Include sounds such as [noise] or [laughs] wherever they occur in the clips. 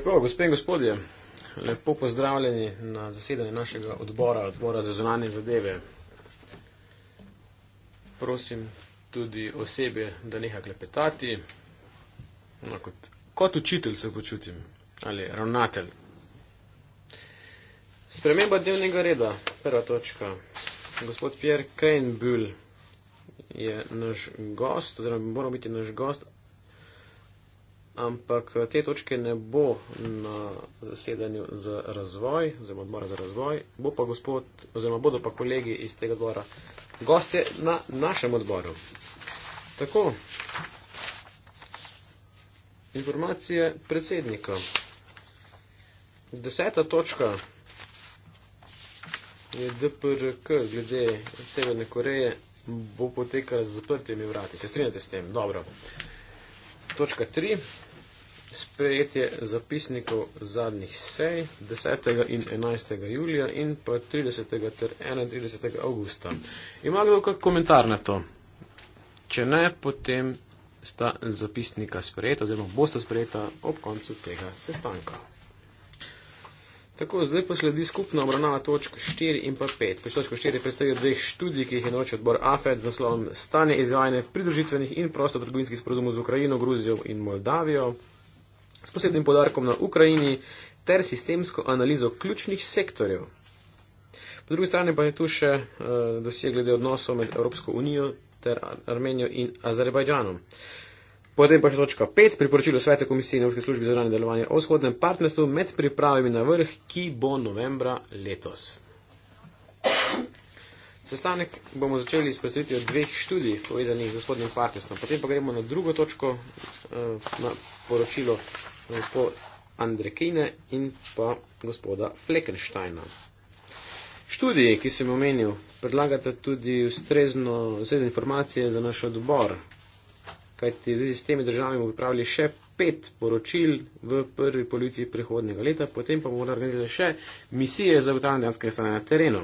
Tako, gospe in gospodje, lepo pozdravljeni na zasedanje našega odbora, odbora za zunanje zadeve. Prosim tudi osebe, da neha klepetati. No, kot, kot učitelj se počutim, ali ravnatelj. Sprememba dnevnega reda, prva točka. Gospod Pierre Kejnbühl je naš gost, oziroma bi moral biti naš gost, ampak eh, te točke ne bo na zasedanju za razvoj, oziroma odbora za razvoj, bo pa gospod, oziroma bodo pa kolegi iz tega odbora gostje na našem odboru. Tako. Informacije predsednika. Deseta točka je DPRK glede Severne Koreje bo potekala z zaprtimi vrati. Se strinjate s tem? Dobro. Točka 3. Sprejetje zapisnikov zadnjih sej 10. in 11. julija in pa 30. ter 31. augusta. Ima kdo kak komentar na to? Če ne, potem sta zapisnika sprejeta oziroma bosta sprejeta ob koncu tega sestanka. Tako, zdaj pa sledi skupna obravnava točk 4 in pa 5. Pri točki 4 predstavijo dveh študij, ki jih je naročil odbor AFED z naslovom Stanje izvajanja pridružitvenih in prostotrgovinskih sporozumov z Ukrajino, Gruzijo in Moldavijo s posebnim podarkom na Ukrajini ter sistemsko analizo ključnih sektorjev. Po drugi strani pa je tu še uh, dosje glede odnosov med Evropsko unijo ter Armenijo in Azerbajdžanom. Uh, Potem pa še točka 5, priporočilo Svete komisije in Evropske službe za zranje delovanje o vzhodnem partnerstvu med pripravami na vrh, ki bo novembra letos. Sestanek bomo začeli s predstavitvijo dveh študij povezanih z vzhodnim partnerstvom. Potem pa gremo na drugo točko, eh, na poročilo eh, gospod Andre Kine in pa gospoda Fleckensteina. Študiji, ki sem omenil, predlagate tudi ustrezno, ustrezne informacije za naš odbor, kajti v zvezi s temi državami bomo pripravili še pet poročil v prvi polici prihodnega leta, potem pa bomo organizirali še misije za ugotavljanje dejanskega stanja na terenu.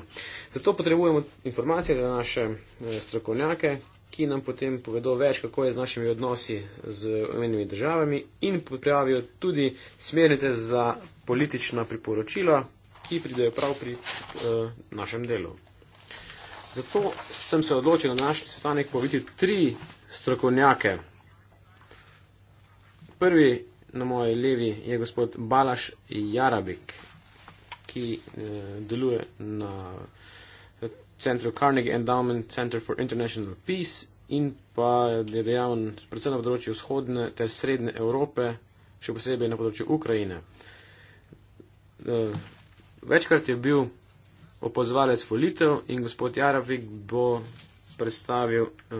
Zato potrebujemo informacije za naše eh, strokovnjake, ki nam potem povedo več, kako je z našimi odnosi z omenjenimi državami in pripravijo tudi smernice za politična priporočila, ki pridejo prav pri uh, našem delu. Zato sem se odločil na naš sestanek povedati tri strokovnjake. Prvi na moji levi je gospod Balaš Jarabik, ki eh, deluje na eh, centru Carnegie Endowment Center for International Peace in pa je dejaven predvsem na področju vzhodne ter srednje Evrope, še posebej na področju Ukrajine. Eh, večkrat je bil opozvalec volitev in gospod Jarabik bo predstavil uh,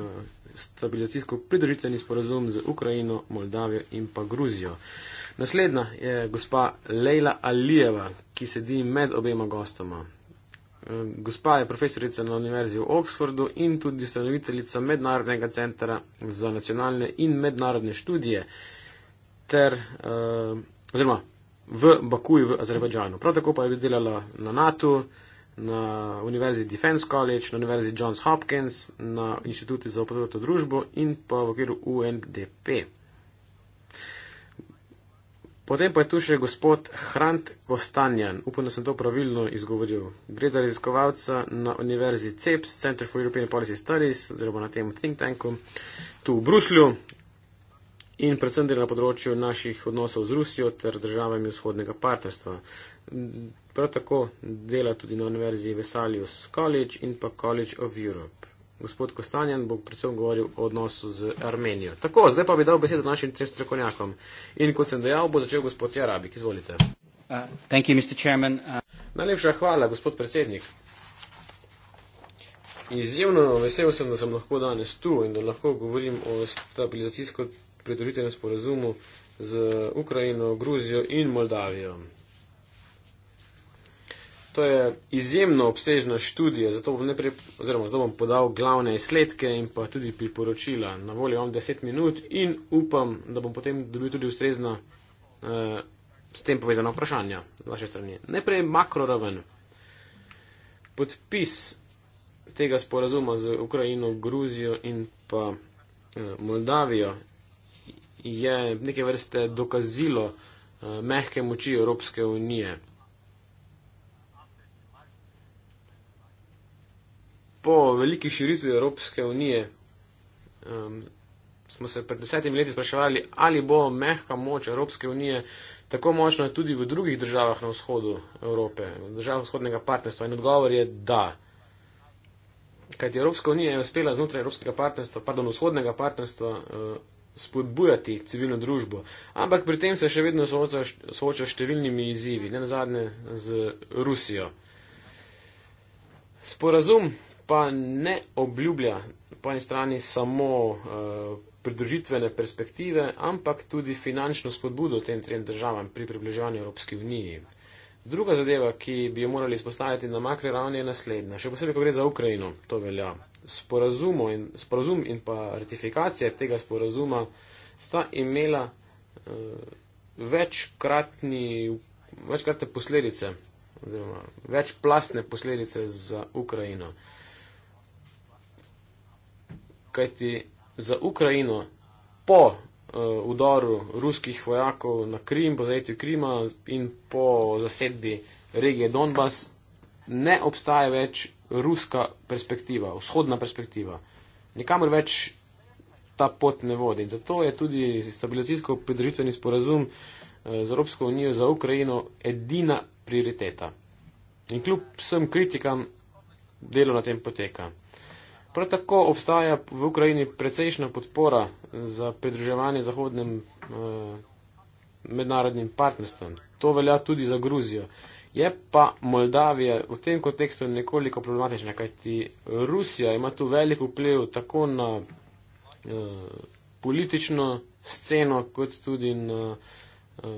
stabilizacijsko pridružitveni sporozum z Ukrajino, Moldavijo in pa Gruzijo. Naslednja je gospa Leila Alijeva, ki sedi med obema gostoma. Uh, gospa je profesorica na Univerzi v Oxfordu in tudi ustanoviteljica Mednarodnega centra za nacionalne in mednarodne študije ter, uh, oziroma, v Bakuju v Azerbajdžanu. Prav tako pa je delala na NATO na Univerzi Defense College, na Univerzi Johns Hopkins, na Inštitutu za upodobljeno družbo in pa v okviru UNDP. Potem pa je tu še gospod Hrant Kostanjan, upam, da sem to pravilno izgovoril. Gre za raziskovalca na Univerzi CEPS, Center for European Policy Studies, oziroma na tem think tanku, tu v Bruslju in predvsem dela na področju naših odnosov z Rusijo ter državami vzhodnega partnerstva. Prav tako dela tudi na univerzi Vesalius College in pa College of Europe. Gospod Kostanjan bo predvsem govoril o odnosu z Armenijo. Tako, zdaj pa bi dal besedo našim trem strokovnjakom. In kot sem dejal, bo začel gospod Jarabik. Izvolite. Uh, you, uh... Najlepša hvala, gospod predsednik. Izjemno vesel sem, da sem lahko danes tu in da lahko govorim o stabilizacijsko pridružitvenem sporazumu z Ukrajino, Gruzijo in Moldavijo. To je izjemno obsežna študija, zato bom, pri, zato bom podal glavne izsledke in pa tudi priporočila. Na voljo imam 10 minut in upam, da bom potem dobil tudi ustrezna eh, s tem povezana vprašanja z vaše strani. Najprej makroraven. Podpis tega sporazuma z Ukrajino, Gruzijo in pa eh, Moldavijo je neke vrste dokazilo eh, mehke moči Evropske unije. po veliki širitvi Evropske unije um, smo se pred desetimi leti spraševali, ali bo mehka moč Evropske unije tako močna tudi v drugih državah na vzhodu Evrope, v državah vzhodnega partnerstva. In odgovor je da. Kajti Evropska unija je uspela znotraj Evropskega partnerstva, pardon, vzhodnega partnerstva uh, spodbujati civilno družbo. Ampak pri tem se še vedno sooča, sooča številnimi izzivi, ne nazadnje z Rusijo. Sporazum, pa ne obljublja po eni strani samo uh, pridružitvene perspektive, ampak tudi finančno spodbudo tem trem državam pri približevanju Evropski uniji. Druga zadeva, ki bi jo morali izpostaviti na makro ravni, je naslednja. Še posebej, ko gre za Ukrajino, to velja. In, sporazum in pa ratifikacija tega sporazuma sta imela eh, večkratni, večkratne posledice oziroma večplastne posledice za Ukrajino kajti za Ukrajino po uh, udoru ruskih vojakov na Krim, po zajetju Krima in po zasedbi regije Donbas ne obstaja več ruska perspektiva, vzhodna perspektiva. Nikamor več ta pot ne vodi. Zato je tudi stabilizacijsko pridržitveni sporazum eh, z Evropsko unijo za Ukrajino edina prioriteta. In kljub vsem kritikam delo na tem poteka. Prav tako obstaja v Ukrajini precejšna podpora za pridruževanje zahodnim eh, mednarodnim partnerstvom. To velja tudi za Gruzijo. Je pa Moldavija v tem kontekstu nekoliko problematična, kajti Rusija ima tu velik vpliv tako na eh, politično sceno, kot tudi na eh,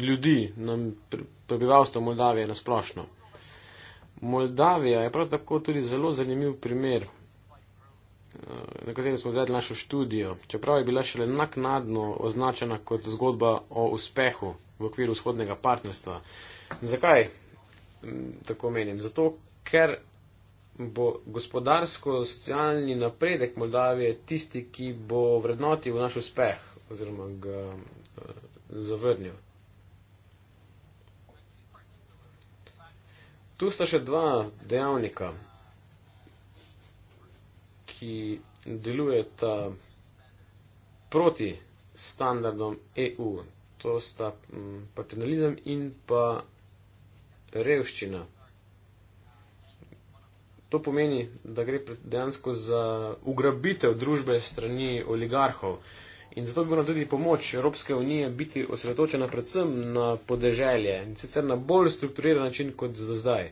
ljudi, na prebivalstvo Moldavije nasplošno. Moldavija je prav tako tudi zelo zanimiv primer, eh, na katerem smo gledali našo študijo, čeprav je bila šele naknadno označena kot zgodba o uspehu v okviru vzhodnega partnerstva. Zakaj mm, tako menim? Zato, ker bo gospodarsko-socialni napredek Moldavije tisti, ki bo vrednotil naš uspeh oziroma ga eh, zavrnil. Tu sta še dva dejavnika, ki delujeta proti standardom EU. To sta mm, paternalizem in pa revščina. To pomeni, da gre dejansko za ugrabitev družbe strani oligarhov. Uh, In zato bi morala tudi pomoč Evropske unije biti osredotočena predvsem na podeželje in sicer na bolj strukturiran način kot do zdaj.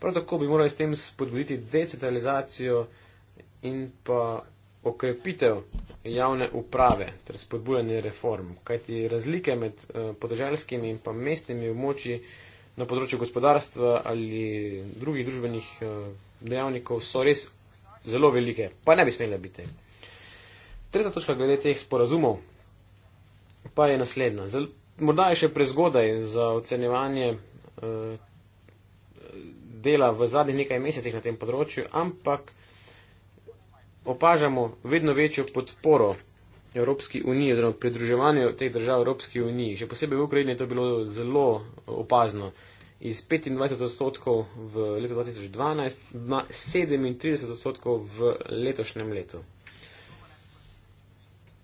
Prav tako bi morali s tem spodbuditi decentralizacijo in pa okrepitev javne uprave ter spodbujanje reform, kajti razlike med eh, podeželskimi in pa mestnimi območji na področju gospodarstva ali drugih družbenih eh, dejavnikov so res zelo velike, pa ne bi smele biti. Tretja točka glede teh sporazumov pa je naslednja. Zel, morda je še prezgodaj za ocenjevanje eh, dela v zadnjih nekaj mesecih na tem področju, ampak opažamo vedno večjo podporo Evropski uniji oziroma pridruževanju teh držav Evropski uniji. Še posebej v Ukrajini je to bilo zelo opazno. Iz 25 odstotkov v letu 2012 na 37 odstotkov v letošnjem letu.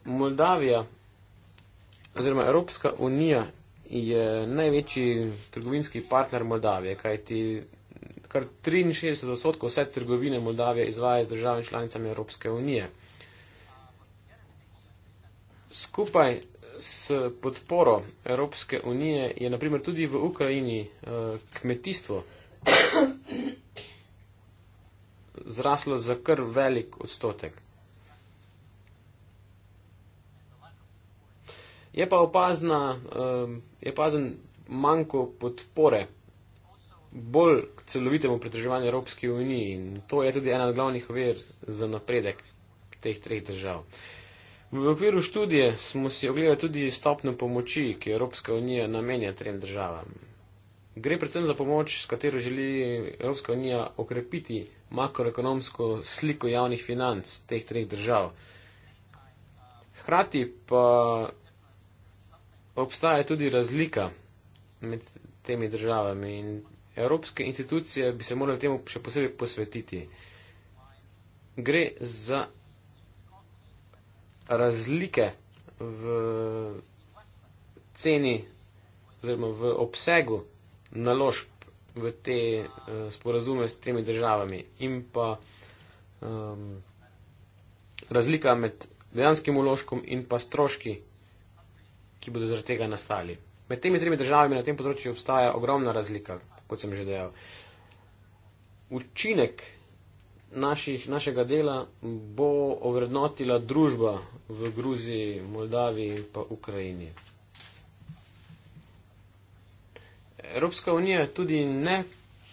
Moldavija oziroma Evropska unija je največji trgovinski partner Moldavije, kajti kar 63 odstotkov vse trgovine Moldavije izvaja z državami članicami Evropske unije. Skupaj s podporo Evropske unije je naprimer tudi v Ukrajini eh, kmetijstvo [coughs] zraslo za kar velik odstotek. Je pa opazna, uh, je opazen manjko podpore bolj celovitemu pretraževanju Evropske unije in to je tudi ena od glavnih ver za napredek teh treh držav. V okviru študije smo si ogledali tudi stopno pomoči, ki jo Evropska unija namenja trem državam. Gre predvsem za pomoč, s katero želi Evropska unija okrepiti makroekonomsko sliko javnih financ teh treh držav. Hrati pa obstaja tudi razlika med temi državami in evropske institucije bi se morali temu še posebej posvetiti. Gre za razlike v ceni oziroma v obsegu naložb v te uh, sporazume s temi državami in pa um, razlika med dejanskim uložkom in pa stroški ki bodo zaradi tega nastali. Med temi tremi državami na tem področju obstaja ogromna razlika, kot sem že dejal. Učinek naših, našega dela bo ovrednotila družba v Gruziji, Moldaviji in pa Ukrajini. Evropska unija tudi ne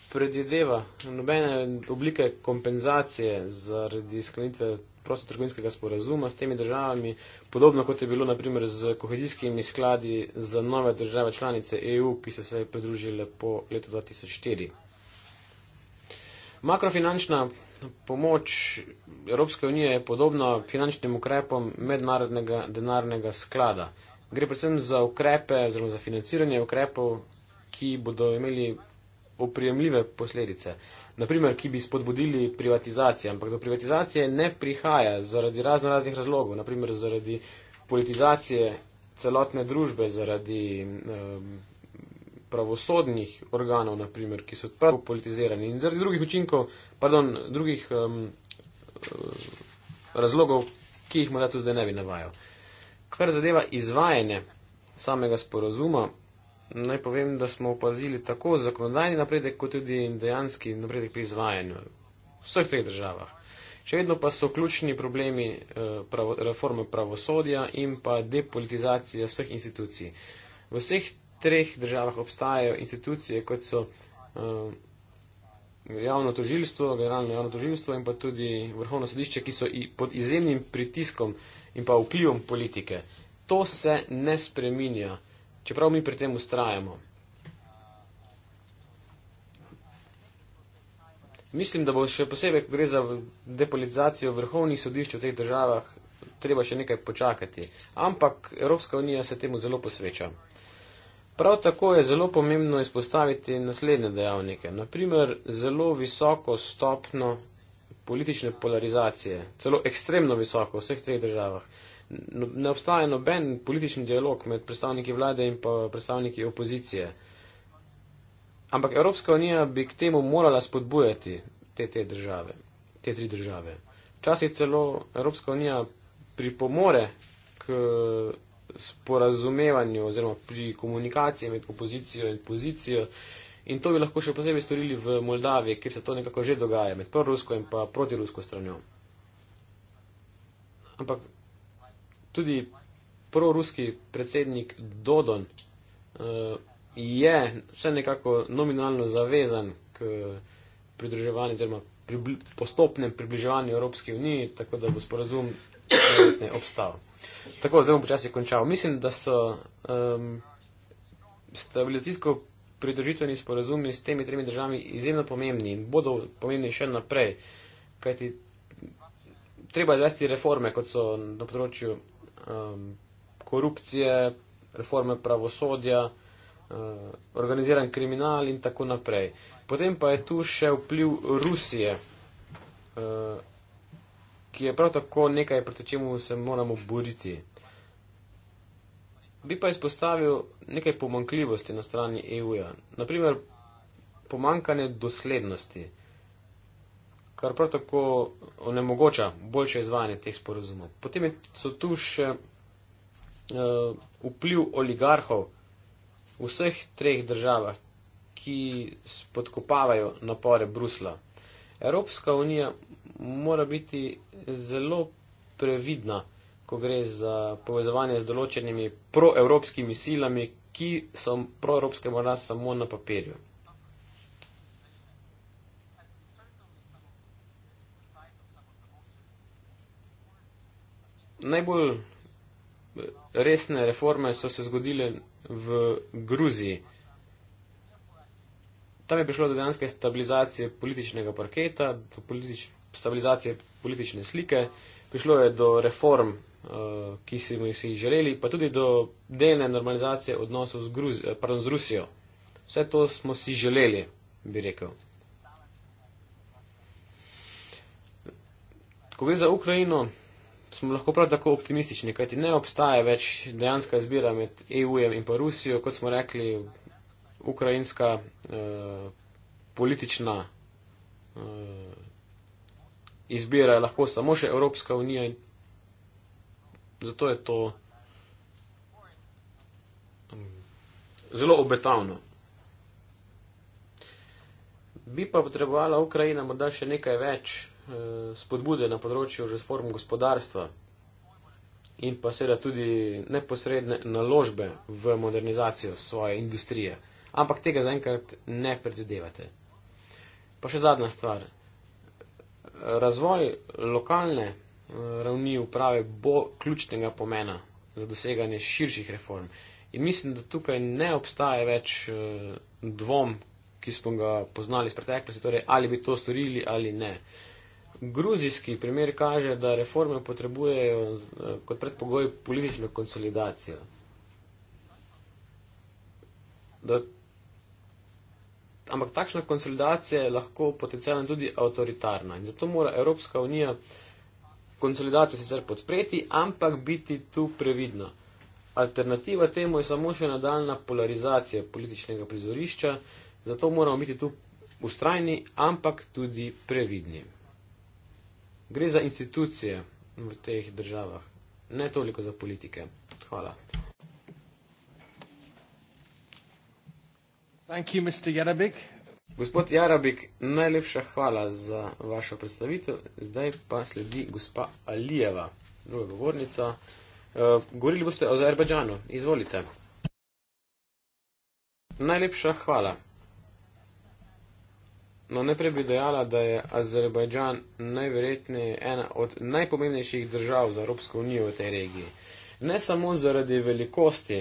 predvideva nobene oblike kompenzacije zaradi sklenitve prostotrgovinskega sporazuma s temi državami, podobno kot je bilo naprimer z kohezijskimi skladi za nove države članice EU, ki so se pridružile po letu 2004. Makrofinančna pomoč Evropske unije je podobna finančnim ukrepom mednarodnega denarnega sklada. Gre predvsem za ukrepe, zelo za financiranje ukrepov, ki bodo imeli oprijemljive posledice, naprimer, ki bi spodbudili privatizacijo, ampak do privatizacije ne prihaja zaradi razno raznih razlogov, naprimer zaradi politizacije celotne družbe, zaradi pravosodnih organov, naprimer, ki so prav politizirani in zaradi drugih učinkov, pardon, drugih um, razlogov, ki jih morda tu zdaj ne bi navajal. Kar zadeva izvajanje samega sporozuma, naj povem, da smo opazili tako zakonodajni napredek, kot tudi dejanski napredek pri izvajanju v vseh treh državah. Še vedno pa so ključni problemi eh, pravo, reforme pravosodja in pa depolitizacije vseh institucij. V vseh treh državah obstajajo institucije, kot so eh, javno tožilstvo, generalno javno tožilstvo in pa tudi vrhovno sodišče, ki so pod izjemnim pritiskom in pa vplivom politike. To se ne spreminja čeprav mi pri tem ustrajamo. Mislim, da bo še posebej, ko gre za depolitizacijo vrhovnih sodišč v teh državah, treba še nekaj počakati. Ampak Evropska unija se temu zelo posveča. Prav tako je zelo pomembno izpostaviti naslednje dejavnike. Naprimer, zelo visoko stopno politične polarizacije, celo ekstremno visoko v vseh teh državah. No, ne obstaja noben politični dialog med predstavniki vlade in pa predstavniki opozicije. Ampak Evropska unija bi k temu morala spodbujati te, te države, te tri države. Včasih celo Evropska unija pripomore k sporazumevanju oziroma pri komunikaciji med opozicijo in pozicijo in to bi lahko še posebej storili v Moldavi, kjer se to nekako že dogaja med prorusko in pa protirusko stranjo. Ampak tudi proruski predsednik Dodon eh, je vse nekako nominalno zavezan k pridruževanju oziroma pribli, postopnem približevanju Evropski uniji, tako da bo sporazum ne obstal. Tako, zdaj bom počasi končal. Mislim, da so um, stabilizacijsko pridružitveni sporazumi s temi tremi državami izjemno pomembni in bodo pomembni še naprej, kajti treba izvesti reforme, kot so na področju um, korupcije, reforme pravosodja, uh, organiziran kriminal in tako naprej. Potem pa je tu še vpliv Rusije, uh, ki je prav tako nekaj, proti čemu se moramo boriti. Bi pa izpostavil nekaj pomankljivosti na strani EU-ja. Naprimer, pomankanje doslednosti kar prav tako onemogoča boljše izvajanje teh sporozumov. Potem je, so tu še uh, vpliv oligarhov v vseh treh državah, ki podkopavajo napore Brusla. Evropska unija mora biti zelo previdna, ko gre za povezovanje z določenimi proevropskimi silami, ki so proevropske morda samo na papirju. najbolj eh, resne reforme so se zgodile v Gruziji. Tam je prišlo do dejanske stabilizacije političnega parketa, do politič, stabilizacije politične slike, prišlo je do reform, uh, ki smo jih si želeli, pa tudi do delne normalizacije odnosov z, Gruzi, eh, pardon, z Rusijo. Vse to smo si želeli, bi rekel. Ko gre za Ukrajino, smo lahko prav tako optimistični, kajti ne obstaja več dejanska izbira med EU-jem in pa Rusijo, kot smo rekli, ukrajinska eh, politična eh, izbira je lahko samo še Evropska unija in zato je to mm, zelo obetavno. Bi pa potrebovala Ukrajina morda še nekaj več. Eh, spodbude na področju reform gospodarstva in pa seveda tudi neposredne naložbe v modernizacijo svoje industrije. Ampak tega zaenkrat ne predvidevate. Pa še zadnja stvar. Razvoj lokalne eh, ravni uprave bo ključnega pomena za doseganje širših reform. In mislim, da tukaj ne obstaja več eh, dvom, ki smo ga poznali iz preteklosti, torej ali bi to storili ali ne gruzijski primer kaže, da reforme potrebujejo eh, kot predpogoj politično konsolidacijo. Da, ampak takšna konsolidacija je lahko potencijalno tudi avtoritarna in zato mora Evropska unija konsolidacijo sicer podpreti, ampak biti tu previdna. Alternativa temu je samo še nadaljna polarizacija političnega prizorišča, zato moramo biti tu ustrajni, ampak tudi previdni. Gre za institucije v teh državah, ne toliko za politike. Hvala. Thank you, Mr. Jarabik. Gospod Jarabik, najlepša hvala za vašo predstavitev. Zdaj pa sledi gospa Alijeva, druga govornica. Uh, govorili boste o Azerbajdžanu. Izvolite. Najlepša hvala. No, najprej bi dejala, da je Azerbajdžan najverjetneje ena od najpomembnejših držav za Evropsko unijo v tej regiji. Ne samo zaradi velikosti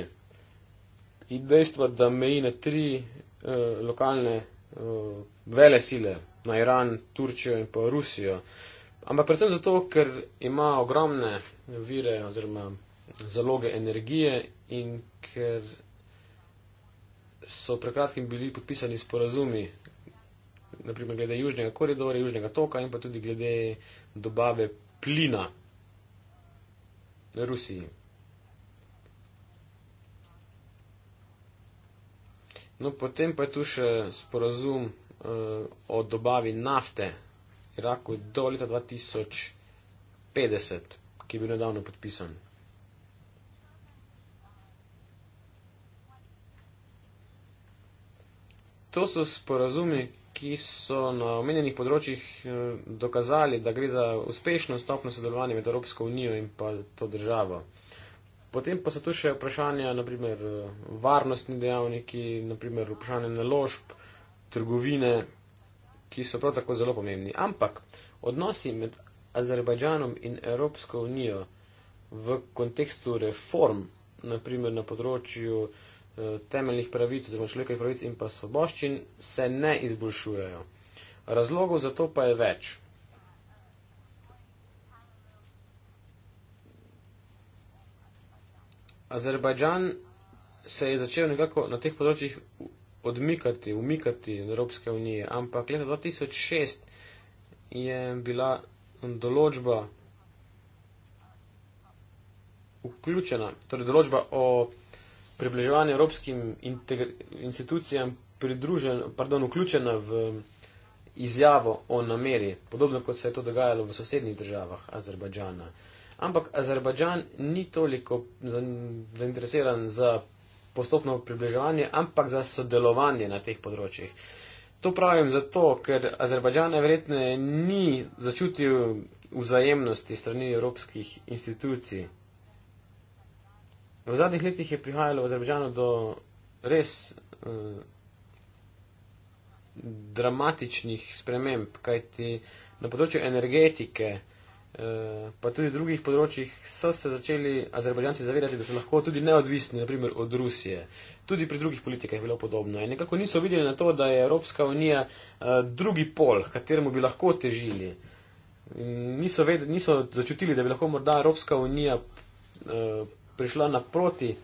in dejstva, da meji na tri uh, lokalne uh, vele sile, na Iran, Turčijo in pa Rusijo, ampak predvsem zato, ker ima ogromne vire oziroma zaloge energije in ker so prekratkim bili podpisani sporazumi naprimer glede južnega koridora, južnega toka in pa tudi glede dobave plina Rusiji. No, potem pa je tu še sporazum uh, o dobavi nafte Iraku do leta 2050, ki je bil nedavno podpisan. To so sporazumi, ki so na omenjenih področjih eh, dokazali, da gre za uspešno stopno sodelovanje med Evropsko unijo in pa to državo. Potem pa so tu še vprašanja, naprimer eh, varnostni dejavniki, naprimer vprašanje naložb, trgovine, ki so prav tako zelo pomembni. Ampak odnosi med Azerbajdžanom in Evropsko unijo v kontekstu reform, naprimer na področju uh, temeljnih pravic oziroma človekovih pravic in pa svoboščin se ne izboljšujejo. Razlogov za to pa je več. Azerbajdžan se je začel nekako na teh področjih odmikati, umikati od Evropske unije, ampak leta 2006 je bila določba vključena, torej določba o približevanje evropskim institucijam pardon, vključena v izjavo o nameri, podobno kot se je to dogajalo v sosednjih državah Azerbajdžana. Ampak Azerbajdžan ni toliko zainteresiran za postopno približevanje, ampak za sodelovanje na teh področjih. To pravim zato, ker Azerbajdžan verjetno ni začutil vzajemnosti strani evropskih institucij. V zadnjih letih je prihajalo v Azerbajdžanu do res eh, dramatičnih sprememb, kajti na področju energetike, eh, pa tudi drugih področjih, so se začeli Azerbajdžanci zavedati, da so lahko tudi neodvisni, naprimer od Rusije. Tudi pri drugih politikah je bilo podobno. In nekako niso videli na to, da je Evropska unija eh, drugi pol, kateremu bi lahko težili. Niso, ved, niso začutili, da bi lahko morda Evropska unija. Eh, prišla naproti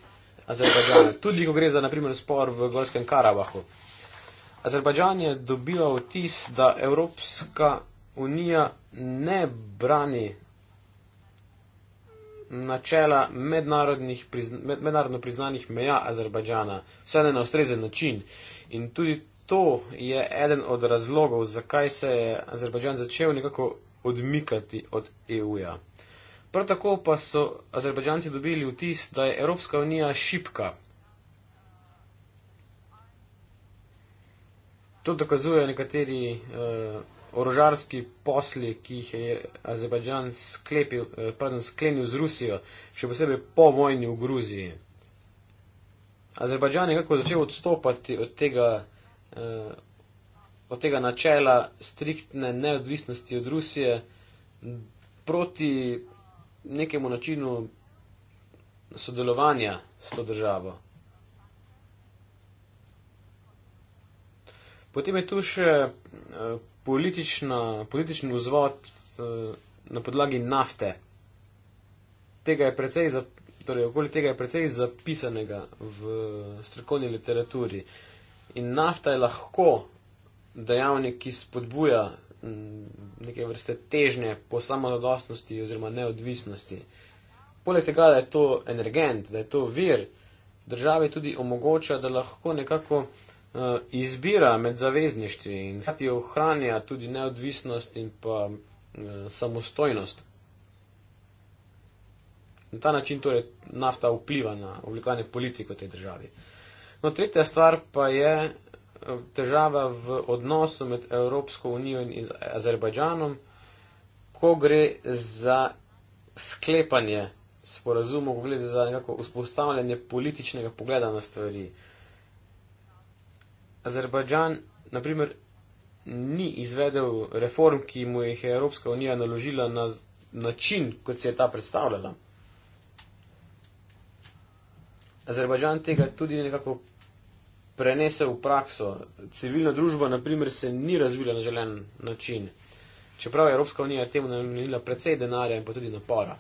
Azerbajdžanu, tudi ko gre za naprimer spor v Gorskem Karabahu. Azerbajdžan je dobival vtis, da Evropska unija ne brani načela mednarodnih, med, mednarodno priznanih meja Azerbajdžana, vse ne na ustrezen način. In tudi to je eden od razlogov, zakaj se je Azerbajdžan začel nekako odmikati od EU-ja. Prav tako pa so Azerbajdžanci dobili vtis, da je Evropska unija šipka. To dokazuje nekateri eh, orožarski posli, ki jih je Azerbajdžan eh, sklenil z Rusijo, še posebej po vojni v Gruziji. Azerbajdžan je kako začel odstopati od tega, eh, od tega načela striktne neodvisnosti od Rusije proti nekemu načinu sodelovanja s to državo. Potem je tu še eh, politični vzvod eh, na podlagi nafte. Tega za, torej, okoli tega je precej zapisanega v strokovni literaturi. In nafta je lahko dejavnik, ki spodbuja neke vrste težnje po samodostnosti oziroma neodvisnosti. Poleg tega, da je to energent, da je to vir, države tudi omogoča, da lahko nekako uh, izbira med zavezništvi in hkrati ohranja tudi neodvisnost in pa uh, samostojnost. Na ta način torej nafta vpliva na oblikovanje politiko te države. No, tretja stvar pa je, težava v odnosu med Evropsko unijo in Azerbajdžanom, ko gre za sklepanje sporazumov, ko gre za nekako vzpostavljanje političnega pogleda na stvari. Azerbajdžan, naprimer, ni izvedel reform, ki mu jih je Evropska unija naložila na način, kot se je ta predstavljala. Azerbajdžan tega tudi nekako prenese v prakso. Civilna družba, na primer, se ni razvila na želen način. Čeprav je Evropska unija temu namenila precej denarja in pa tudi napora.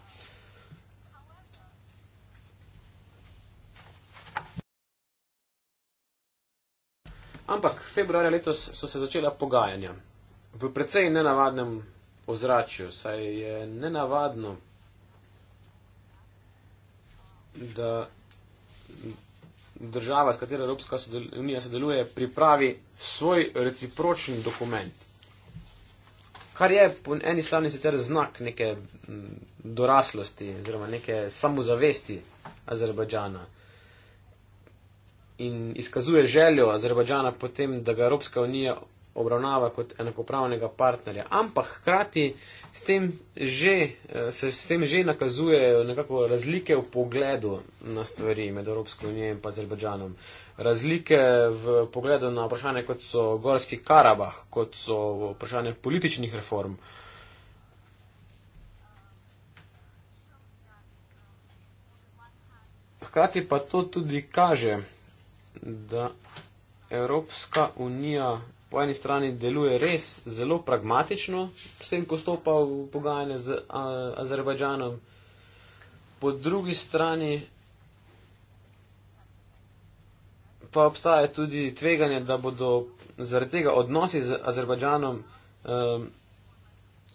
Ampak februarja letos so se začela pogajanja. V precej nenavadnem ozračju, saj je nenavadno, da država, s katero Evropska unija sodeluje, pripravi svoj recipročen dokument. Kar je po eni strani sicer znak neke mm, doraslosti oziroma neke samozavesti Azerbajdžana in izkazuje željo Azerbajdžana potem, da ga Evropska unija obravnava kot enakopravnega partnerja. Ampak hkrati s tem že, eh, se s tem že nakazujejo nekako razlike v pogledu na stvari med Evropsko unijo in pa Azerbajdžanom. Razlike v pogledu na vprašanje, kot so Gorski Karabah, kot so vprašanje političnih reform. Hkrati pa to tudi kaže, da Evropska unija po eni strani deluje res zelo pragmatično, s tem, ko stopa v pogajanje z Azerbajdžanom, po drugi strani pa obstaja tudi tveganje, da bodo zaradi tega odnosi z Azerbajdžanom,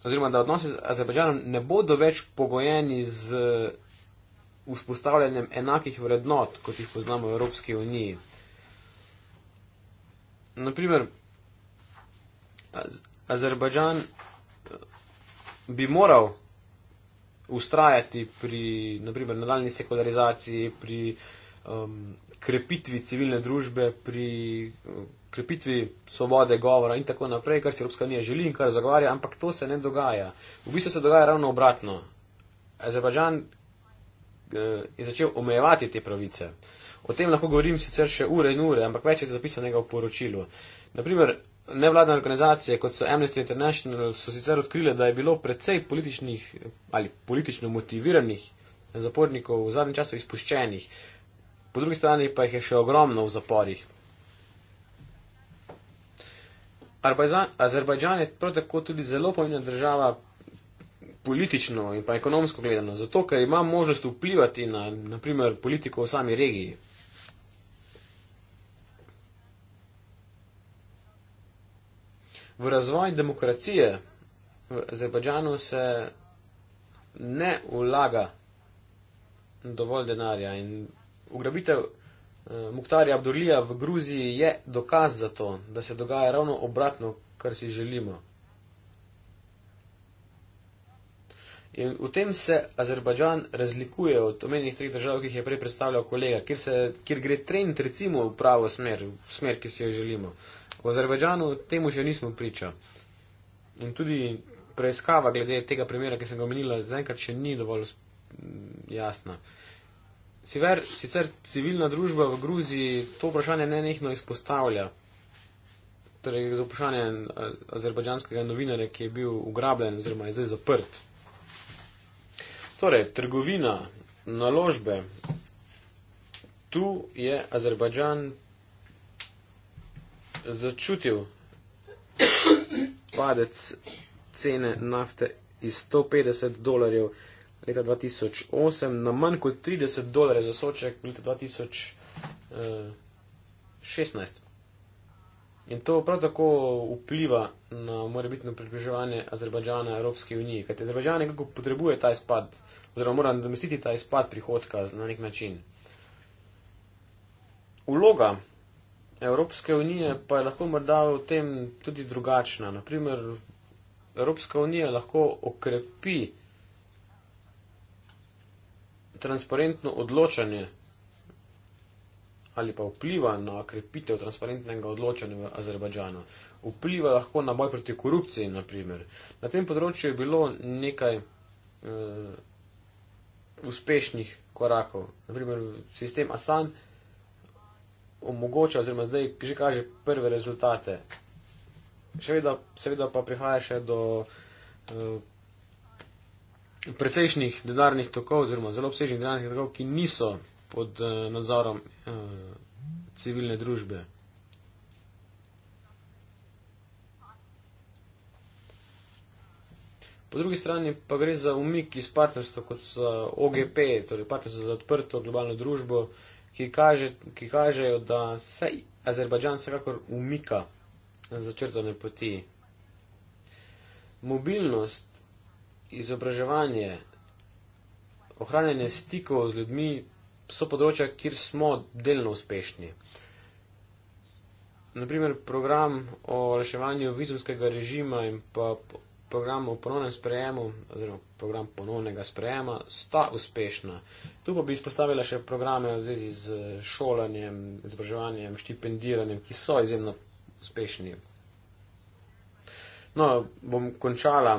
oziroma da odnosi z Azerbajdžanom ne bodo več pogojeni z vzpostavljanjem enakih vrednot, kot jih poznamo v Evropski uniji. Naprimer, Azerbajdžan eh, bi moral ustrajati pri naprimer, nadaljni sekularizaciji, pri um, krepitvi civilne družbe, pri eh, krepitvi svobode govora in tako naprej, kar si Evropska unija želi in kar zagovarja, ampak to se ne dogaja. V bistvu se dogaja ravno obratno. Azerbajdžan uh, je začel omejevati te pravice. O tem lahko govorim sicer še ure in ure, ampak več je zapisanega v poročilu. Naprimer, nevladne organizacije, kot so Amnesty International, so sicer odkrile, da je bilo precej političnih ali politično motiviranih zapornikov v zadnjem času izpuščenih, po drugi strani pa jih je še ogromno v zaporih. Azerbajdžan je prav tako tudi zelo pomembna država politično in pa ekonomsko gledano, zato ker ima možnost vplivati na, naprimer, politiko v sami regiji. V razvoj demokracije v Azerbajdžanu se ne ulaga dovolj denarja in ugrabitev eh, Muktarja Abdulija v Gruziji je dokaz za to, da se dogaja ravno obratno, kar si želimo. In v tem se Azerbajdžan razlikuje od omenjenih treh držav, ki jih je prej predstavljal kolega, kjer, se, kjer gre trend recimo v pravo smer, v smer, ki si jo želimo. Eh, V Azerbajdžanu temu že nismo priča. In tudi preiskava glede tega primera, ki sem ga omenila, zaenkrat še ni dovolj jasna. Siver, sicer civilna družba v Gruziji to vprašanje nenehno izpostavlja. Torej, za vprašanje azerbajdžanskega novinarja, ki je bil ugrabljen oziroma je zdaj zaprt. Torej, trgovina, naložbe. Tu je Azerbajdžan začutil padec cene nafte iz 150 dolarjev leta 2008 na manj kot 30 dolarjev za soček leta 2016. Eh, In to prav tako vpliva na morebitno približevanje Azerbajdžana Evropski uniji, kajti Azerbajdžan nekako potrebuje ta izpad, oziroma mora nadomestiti ta izpad prihodka na nek način. Uloga Evropske unije pa je lahko morda v tem tudi drugačna. Naprimer, Evropska unija lahko okrepi transparentno odločanje ali pa vpliva na okrepitev transparentnega odločanja v Azerbajdžanu. Vpliva lahko na boj proti korupciji, naprimer. Na tem področju je bilo nekaj eh, uspešnih korakov. Naprimer, sistem Asan omogoča, oziroma zdaj že kaže prve rezultate. Še vedno, seveda pa prihaja še do uh, precejšnjih denarnih tokov, oziroma zelo obsežnih denarnih tokov, ki niso pod uh, nadzorom uh, civilne družbe. Po drugi strani pa gre za umik iz partnerstva, kot so OGP, torej partnerstvo za odprto globalno družbo, uh, ki, kaže, ki kažejo, da se Azerbajdžan vsekakor umika za črtane poti. Mobilnost, izobraževanje, ohranjanje stikov z ljudmi so področja, kjer smo delno uspešni. Naprimer, program o reševanju vizumskega režima in pa program o ponovnem sprejemu oziroma program ponovnega sprejema, sta uspešna. Tu pa bi izpostavila še programe v zvezi z šolanjem, izobraževanjem, štipendiranjem, ki so izjemno uspešni. No, bom končala.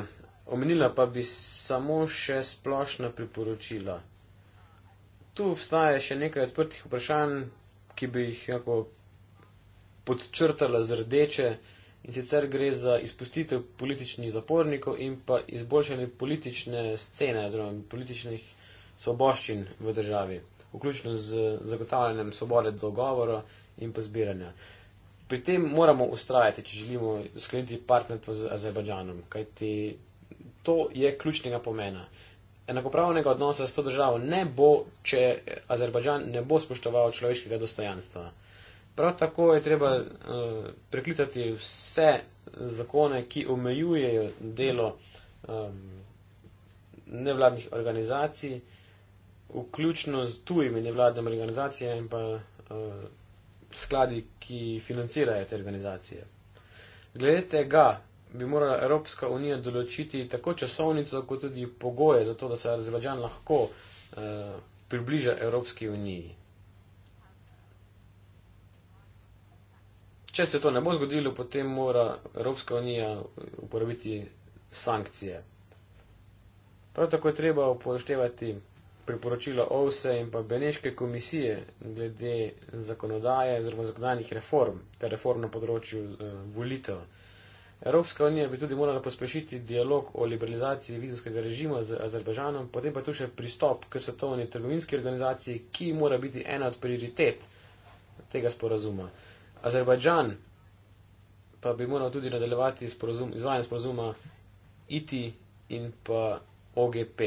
Omenila pa bi samo še splošna priporočila. Tu vstaje še nekaj odprtih vprašanj, ki bi jih jako podčrtala z rdeče. Uh, in sicer gre za izpustitev političnih zapornikov in pa izboljšanje politične scene oziroma političnih svoboščin v državi, vključno z zagotavljanjem svobode dogovora in pa zbiranja. Pri tem moramo ustrajati, če želimo skleniti partnerstvo z Azerbajdžanom, kajti to je ključnega pomena. Enakopravnega odnosa s to državo ne bo, če Azerbajdžan ne bo spoštoval človeškega dostojanstva. Prav tako je treba uh, preklicati vse zakone, ki omejujejo delo um, nevladnih organizacij, vključno z tujimi nevladnimi organizacijami in pa uh, skladi, ki financirajo te organizacije. Glede tega bi morala Evropska unija določiti tako časovnico, kot tudi pogoje za to, da se Azerbajdžan lahko uh, približa Evropski uniji. Če se to ne bo zgodilo, potem mora Evropska unija uporabiti sankcije. Prav tako je treba upoštevati priporočila OVSE in pa Beneške komisije glede zakonodaje oziroma zakonodajnih reform ter reform na področju eh, volitev. Evropska unija bi tudi morala pospešiti dialog o liberalizaciji vizijskega režima z Azerbajžanom, potem pa tu še pristop k svetovni trgovinski organizaciji, ki mora biti ena od prioritet tega sporazuma. Azerbajdžan pa bi moral tudi nadaljevati sporozum, izvajanje sporozuma ITI in pa OGP.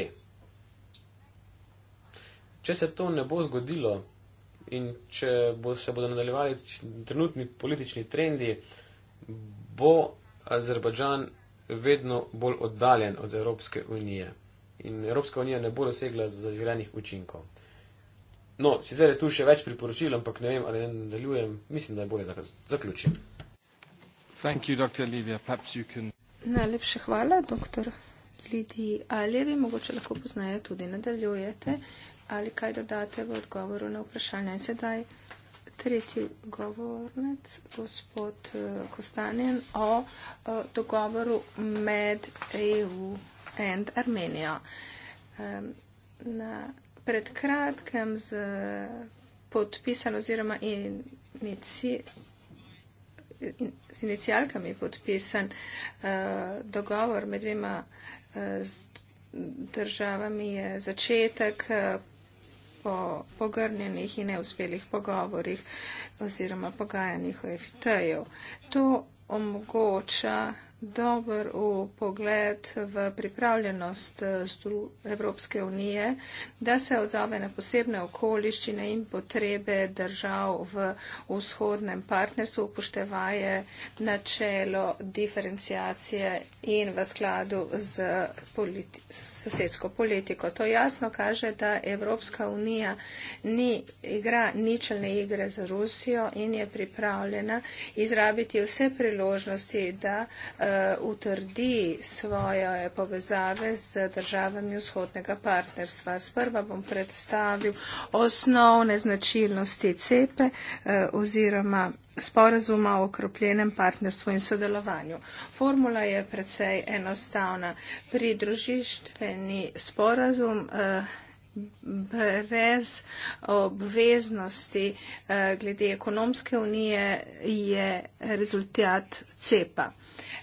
Če se to ne bo zgodilo in če bo, se bodo nadaljevali trenutni politični trendi, bo Azerbajdžan vedno bolj oddaljen od Evropske unije in Evropska unija ne bo dosegla zaželenih učinkov. No, sicer je tu še več priporočil, ampak ne vem, ali ne nadaljujem. Mislim, da je bolje, da zaključim. You, can... Najlepše hvala, doktor Lidi Aljevi. Mogoče lahko poznajo tudi nadaljujete. Ali kaj dodate v odgovoru na vprašanje? Sedaj tretji govornec, gospod eh, Kostanin, o, o eh, dogovoru med EU in Armenijo. Um, pred kratkem z podpisan oziroma inici, in, z inicijalkami podpisan uh, dogovor med dvema uh, državami je začetek eh, po pogrnjenih in neuspelih pogovorih oziroma pogajanjih o e FT-ju. To omogoča dober pogled v pripravljenost eh, Evropske unije, da se odzove na posebne okoliščine in potrebe držav v vzhodnem partnerstvu, upoštevaje načelo diferencijacije in v skladu z politi sosedsko politiko. To jasno kaže, da Evropska unija ni igra ničelne igre za Rusijo in je pripravljena izrabiti vse priložnosti, da uh, Eh, utrdi svoje povezave z državami vzhodnega partnerstva. Sprva bom predstavil osnovne značilnosti CEPE eh, oziroma sporazuma o okropljenem partnerstvu in sodelovanju. Formula je precej enostavna. Pridružištveni sporazum eh, brez obveznosti glede ekonomske unije je rezultat CEPA.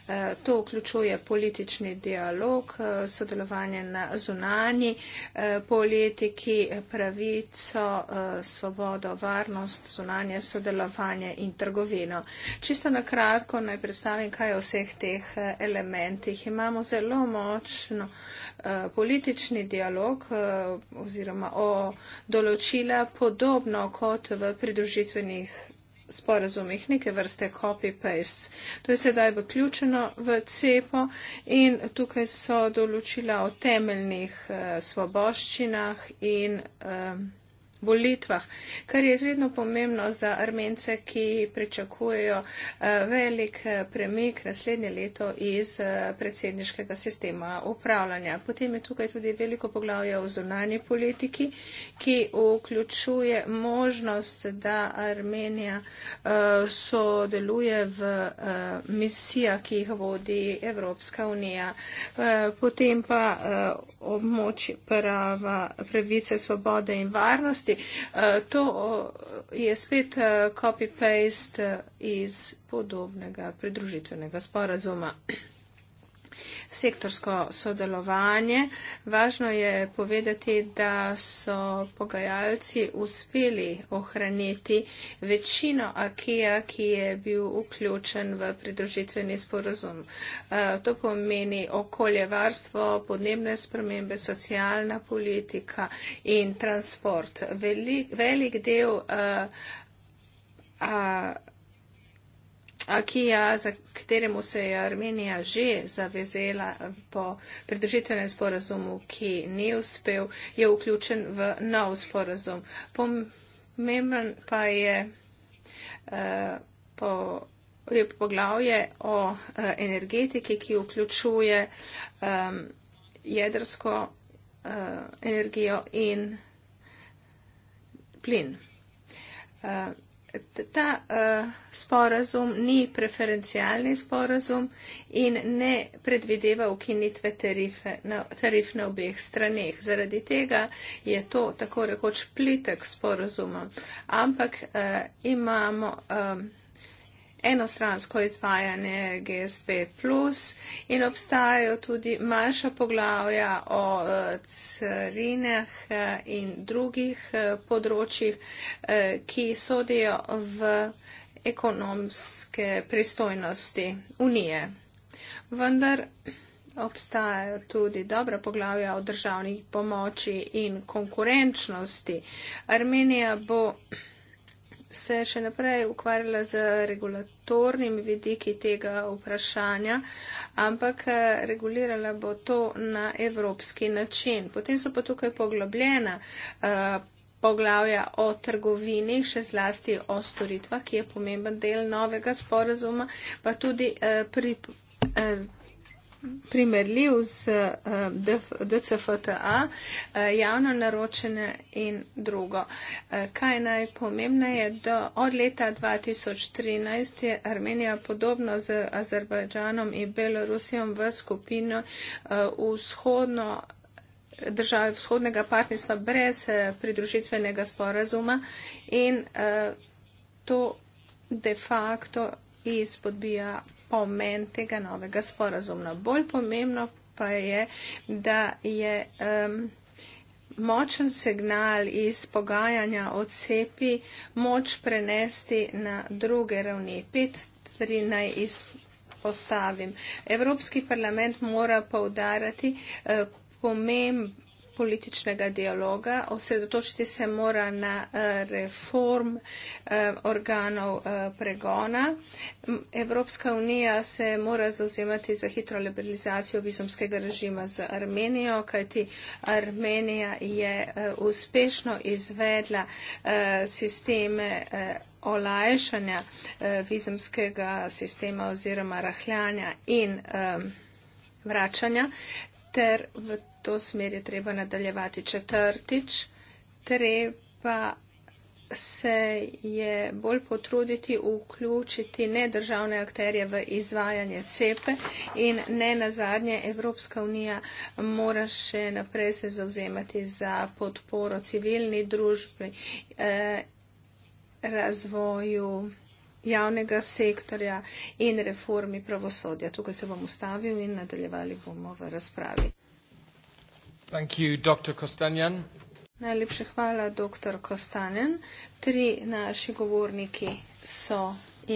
Eh, to vključuje politični dialog, eh, sodelovanje na zunanji eh, politiki, pravico, svobodo, varnost, zunanje sodelovanje in trgovino. Čisto na kratko naj predstavim, kaj je v vseh teh elementih. Imamo zelo močno politični dialog oziroma o določila podobno kot v pridružitvenih sporazumih, neke vrste copy-paste. To je sedaj vključeno v CEPO in tukaj so določila o temeljnih uh, svoboščinah in uh, volitvah, kar je izredno pomembno za armence, ki pričakujejo eh, velik eh, premik naslednje leto iz eh, predsedniškega sistema upravljanja. Potem je tukaj tudi veliko poglavja o zunanji politiki, ki vključuje možnost, da Armenija sodeluje v misijah, ki jih vodi Evropska unija. Potem pa območji prava, pravice, svobode in varnosti. E, to je spet e, copy-paste e, iz podobnega pridružitvenega sporazuma sektorsko sodelovanje. Važno je povedati, da so pogajalci uspeli ohraniti večino AKEA, ki je bil vključen v pridružitveni sporozum. Eh, to pomeni okoljevarstvo, podnebne spremembe, socialna politika in transport. Velik, velik del uh, uh, ki je, za kateremu se je Armenija že zavezela po pridružitvenem sporazumu, ki ni uspel, je vključen v nov sporazum. Pomemben pa je eh, po je poglavje o uh, energetiki, ki vključuje um, jedrsko uh, energijo in plin. Uh, ta uh, sporazum ni preferencialni sporazum in ne predvideva ukinitve na, tarif na obeh straneh. Zaradi tega je to tako rekoč plitek sporazuma. Ampak uh, imamo. Uh, enostransko izvajanje GSP, in obstajajo tudi manjša poglavja o e, carinah e, in drugih e, področjih, ki sodijo v ekonomske pristojnosti Unije. Vendar obstajajo tudi dobra poglavja o državnih pomoči in konkurenčnosti. Armenija bo se še naprej ukvarjala z regulatornimi vidiki tega vprašanja, ampak eh, regulirala bo to na evropski način. Potem so pa tukaj poglobljena eh, poglavja o trgovini, še zlasti o storitvah, ki je pomemben del novega sporazuma, pa tudi eh, pri primerljiv z eh, DCFTA, eh, javno naročene in drugo. Eh, kaj najpomembneje, da od leta 2013 je Armenija podobno z Azerbajdžanom in Belorusijom v skupino vzhodno države vzhodnega partnerstva brez pridružitvenega sporazuma in to de facto izpodbija pomen tega novega sporazuma. Bolj pomembno pa je, da je um, močen signal iz pogajanja o cepi moč prenesti na druge ravni. Pet stvari naj izpostavim. Evropski parlament mora povdarjati uh, eh, pomemb političnega dialoga, osredotočiti se mora na eh, reform eh, organov eh, pregona. Evropska unija se mora zauzemati za hitro liberalizacijo vizumskega režima z Armenijo, kajti Armenija je uspešno izvedla sisteme olajšanja vizumskega sistema oziroma rahljanja in vračanja ter v to smer je treba nadaljevati četrtič, treba se je bolj potruditi vključiti ne državne akterje v izvajanje cepe in ne nazadnje Evropska unija mora še naprej se zauzemati za podporo civilni družbi, eh, razvoju javnega sektorja in reformi pravosodja. Tukaj se bom ustavil in nadaljevali bomo v razpravi. Thank you, Dr. Kostanjan. Najlepša hvala, dr. Kostanjan. Tri naši govorniki so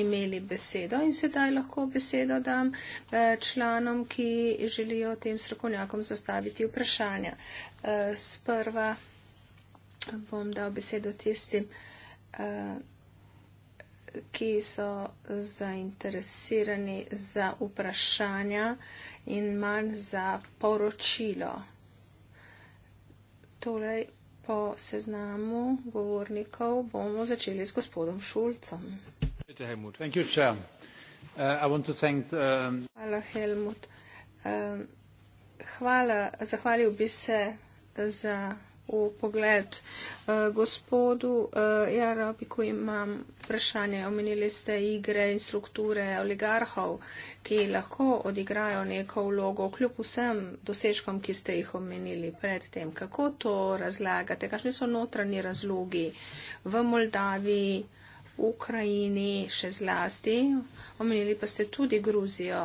imeli besedo in sedaj lahko besedo dam eh, članom, ki želijo tem strokovnjakom zastaviti vprašanja. Eh, sprva bom dal besedo tistim, eh, ki so zainteresirani za vprašanja in manj za poročilo. Torej, po seznamu govornikov bomo začeli z gospodom Šulcem. Uh, um, hvala, Helmut. Um, hvala, zahvalil bi se za v pogled eh, gospodu. Eh, ja, Robiku imam vprašanje. Omenili ste igre in strukture oligarhov, ki lahko odigrajo neko vlogo, kljub vsem dosežkom, ki ste jih omenili predtem. Kako to razlagate? Kakšni so notranji razlogi v Moldaviji, v Ukrajini še zlasti? Omenili pa ste tudi Gruzijo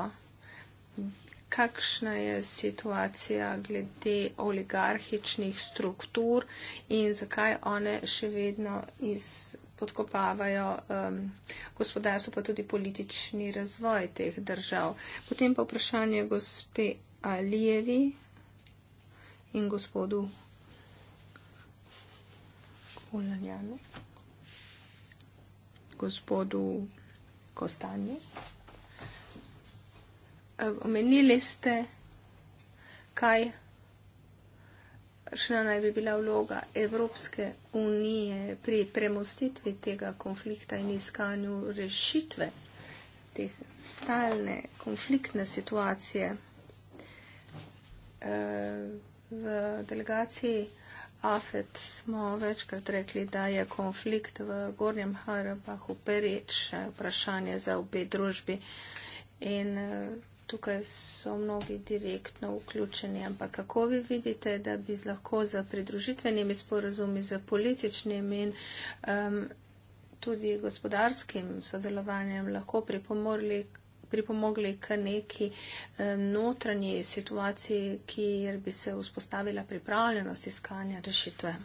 kakšna je situacija glede oligarhičnih struktur in zakaj one še vedno iz, podkopavajo um, gospodarstvo, pa tudi politični razvoj teh držav. Potem pa vprašanje gospe Alijevi in gospodu Kulanjanu, gospodu Kostanju. Eh, omenili ste, kaj še naj bi bila vloga Evropske unije pri premostitvi tega konflikta in iskanju rešitve te stalne konfliktne situacije. Eh, v delegaciji AFET smo večkrat rekli, da je konflikt v Gornjem Harabahu pereč eh, vprašanje za obe družbi. In tukaj so mnogi direktno vključeni, ampak kako vi vidite, da bi lahko za pridružitvenimi sporazumi, za političnimi in um, tudi gospodarskim sodelovanjem lahko pripomorli, pripomogli k neki um, notranji situaciji, kjer bi se vzpostavila pripravljenost iskanja rešitve?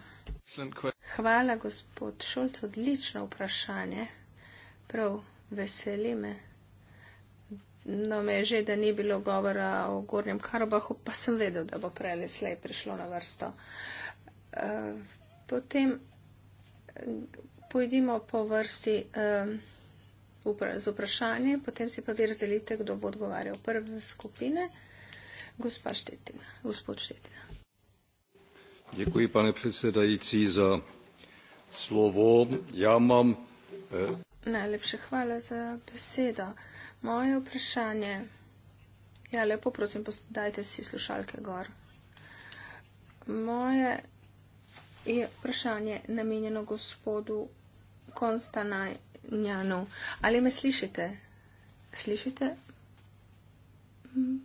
Hvala, gospod Šulc, odlično vprašanje. Prav, veseli me. No, me je že, da ni bilo govora o Gornjem Karabahu, pa sem vedel, da bo prej ali slej prišlo na vrsto. Eh, potem eh, pojdimo po vrsti eh, z vprašanje, potem si pa vi razdelite, kdo bo odgovarjal. Prve skupine, gospa Štetina, gospod Štetina. Děkuji, pane predsedající, za slovo. Ja mam, eh... Najlepše hvala za besedo. Moje vprašanje. Ja, lepo prosim, dajte si slušalke gor. Moje je vprašanje namenjeno gospodu Konstantinjanu. Ali me slišite? Slišite? Mm,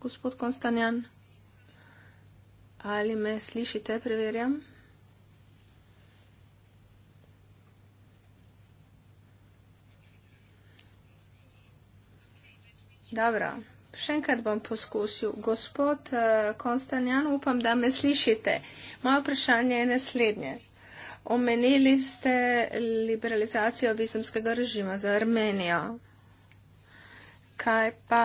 gospod Konstantinjan? Ali me slišite? Preverjam. Dobro, še enkrat bom poskusil. Gospod eh, Konstantin, upam, da me slišite. Moje vprašanje je naslednje. Omenili ste liberalizacijo vizumskega režima za Armenijo. Kaj pa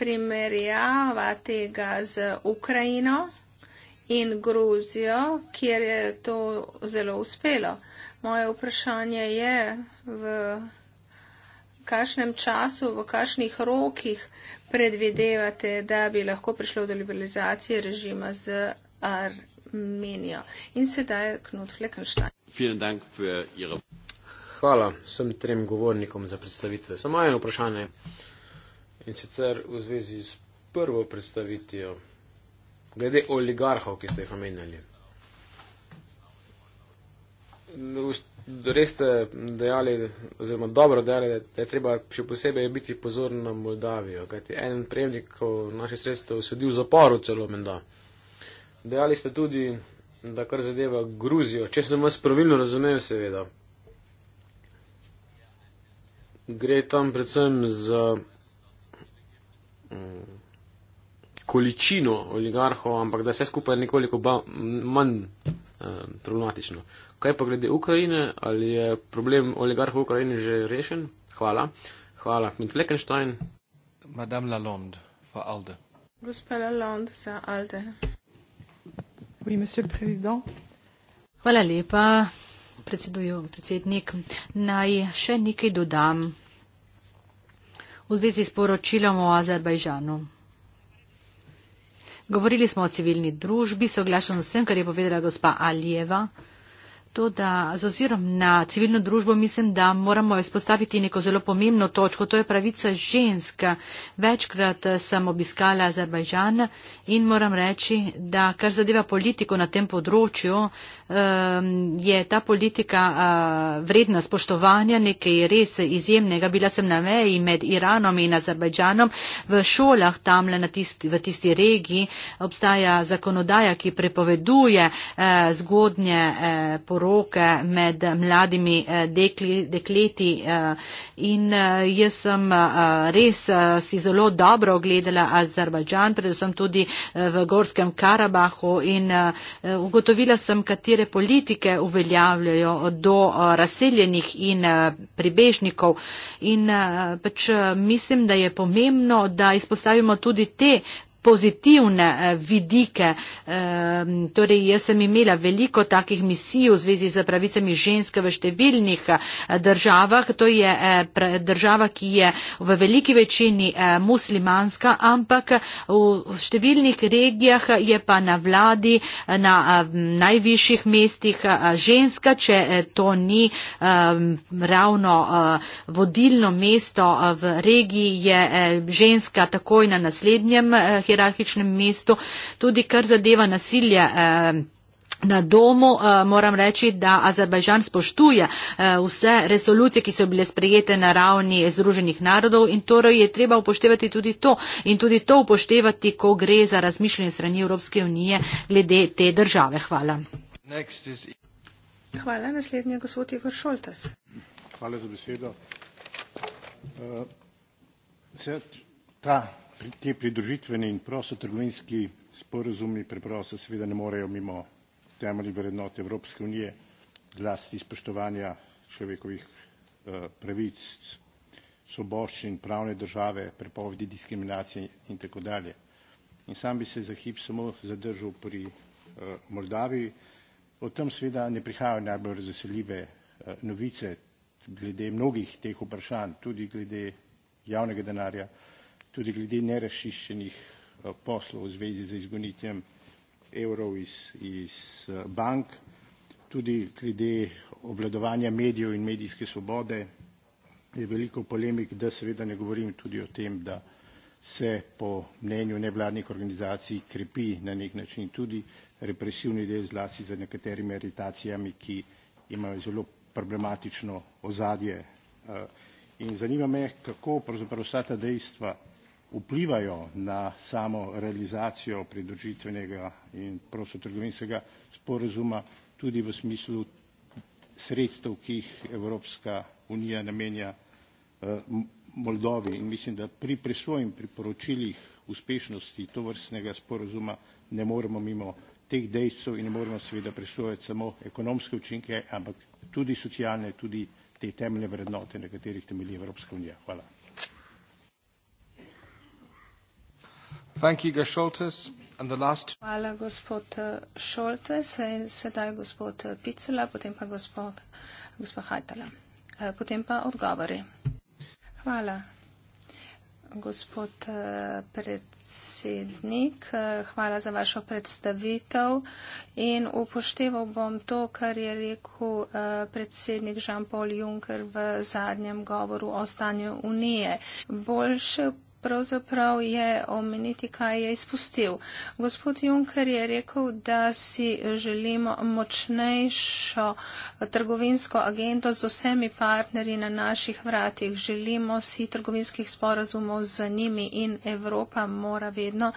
primerjava tega z Ukrajino in Gruzijo, kjer je to zelo uspelo? Moje vprašanje je v kakšnem času, v kakšnih rokih predvidevate, da bi lahko prišlo do liberalizacije režima z Armenijo. In sedaj Knut Fleckenstein. Hvala vsem trem govornikom za predstavitve. Samo eno vprašanje in sicer v zvezi s prvo predstavitijo glede oligarhov, ki ste jih omenjali res ste dejali, oziroma dobro dejali, da je treba še posebej biti pozoren na Moldavijo, kajti en prejemnik naše sredstva je sedil v zaporu celo menda. Dejali ste tudi, da kar zadeva Gruzijo, če sem vas pravilno razumel, seveda. Gre tam predvsem za mm, količino oligarhov, ampak da se skupaj nekoliko manj eh, problematično. Kaj pa glede Ukrajine, ali je problem oligarhov v Ukrajini že rešen? Hvala. Hvala, Kmit Fleckenstein. Madame Lalonde, pa Alde. Gospa Lalonde, za Alde. Oui, monsieur le président. Hvala lepa, predsednik. Naj še nekaj dodam v zvezi s poročilom o Azerbajžanu. Govorili smo o civilni družbi, se oglašam vsem, kar je povedala gospa Alijeva. To, da z ozirom na civilno družbo mislim, da moramo izpostaviti neko zelo pomembno točko, to je pravica ženska. Večkrat eh, sem obiskala Azerbajžan in moram reči, da kar zadeva politiko na tem področju, ehm, je ta politika eh, vredna spoštovanja, nekaj res izjemnega. Bila sem na meji med Iranom in Azerbajžanom. V šolah tam tist, v tisti regiji obstaja zakonodaja, ki prepoveduje eh, zgodnje poročanje uroke med mladimi eh, dekli, dekleti eh, in eh, jaz sem res si zelo dobro ogledala Azerbajdžan, predvsem tudi v Gorskem Karabahu in ugotovila sem, katere politike uveljavljajo do razseljenih in pribežnikov. In pač mislim, da je pomembno, da izpostavimo tudi te pozitivne eh, vidike. Ehm, torej, jaz sem imela veliko takih misij v zvezi z pravicami ženske v številnih eh, državah. To je eh, država, ki je v veliki večini muslimanska, ampak v številnih regijah je pa na vladi, na najvišjih mestih ženska, če to ni ehm, ravno vodilno mesto v regiji, je ženska takoj na naslednjem hierarhiji hierarhičnem mestu, tudi kar zadeva nasilje. Eh, Na domu eh, moram reči, da Azerbajžan spoštuje eh, vse resolucije, ki so bile sprejete na ravni Združenih narodov in torej je treba upoštevati tudi to in tudi to upoštevati, ko gre za razmišljanje strani Evropske unije glede te države. Hvala. Is... Hvala. Naslednji je gospod Igor Šoltas. Hvala za besedo. Uh, se, ta ti pridružitveni in prostotrgovinski sporazumi preprosto seveda ne morejo mimo temeljnih vrednot Evropske unije, zlasti spoštovanja človekovih uh, pravic, soboščin, pravne države, prepovedi diskriminacije in tako dalje. In sam bi se za hip samo zadržal pri uh, Moldaviji. O tem seveda ne prihajajo najbolj razveseljive uh, novice glede mnogih teh vprašanj, tudi glede javnega denarja, tudi glede nerašiščenih eh, poslov v zvezi z izgonitjem evrov iz, iz eh, bank, tudi glede obvladovanja medijev in medijske svobode je veliko polemik, da seveda ne govorim tudi o tem, da se po mnenju nevladnih organizacij krepi na nek način tudi represivni del zlasti za nekaterimi aritacijami, ki imajo zelo problematično ozadje. Eh. In zanima me, kako pravzaprav vsa ta dejstva vplivajo na samo realizacijo pridružitvenega in prostotrgovinskega sporazuma tudi v smislu sredstev, ki jih Evropska unija namenja eh, Moldovi. In mislim, da pri presvojim priporočilih uspešnosti to vrstnega sporazuma ne moremo mimo teh dejstv in ne moremo seveda presvojati samo ekonomske učinke, ampak tudi socialne, tudi te temeljne vrednote, na katerih temelji Evropska unija. Hvala. Thank you, Scholtes. And the last... Hvala, gospod Šoltes. Eh, sedaj gospod eh, Picula, potem pa gospod, gospod Hajtala. Eh, potem pa odgovori. Hvala, gospod predsednik. Hvala za vašo predstavitev. In upošteval bom to, kar je rekel predsednik Jean-Paul Juncker v zadnjem govoru o stanju Unije. Boljše pravzaprav je omeniti, kaj je izpustil. Gospod Juncker je rekel, da si želimo močnejšo trgovinsko agento z vsemi partnerji na naših vratih. Želimo si trgovinskih sporazumov z njimi in Evropa mora vedno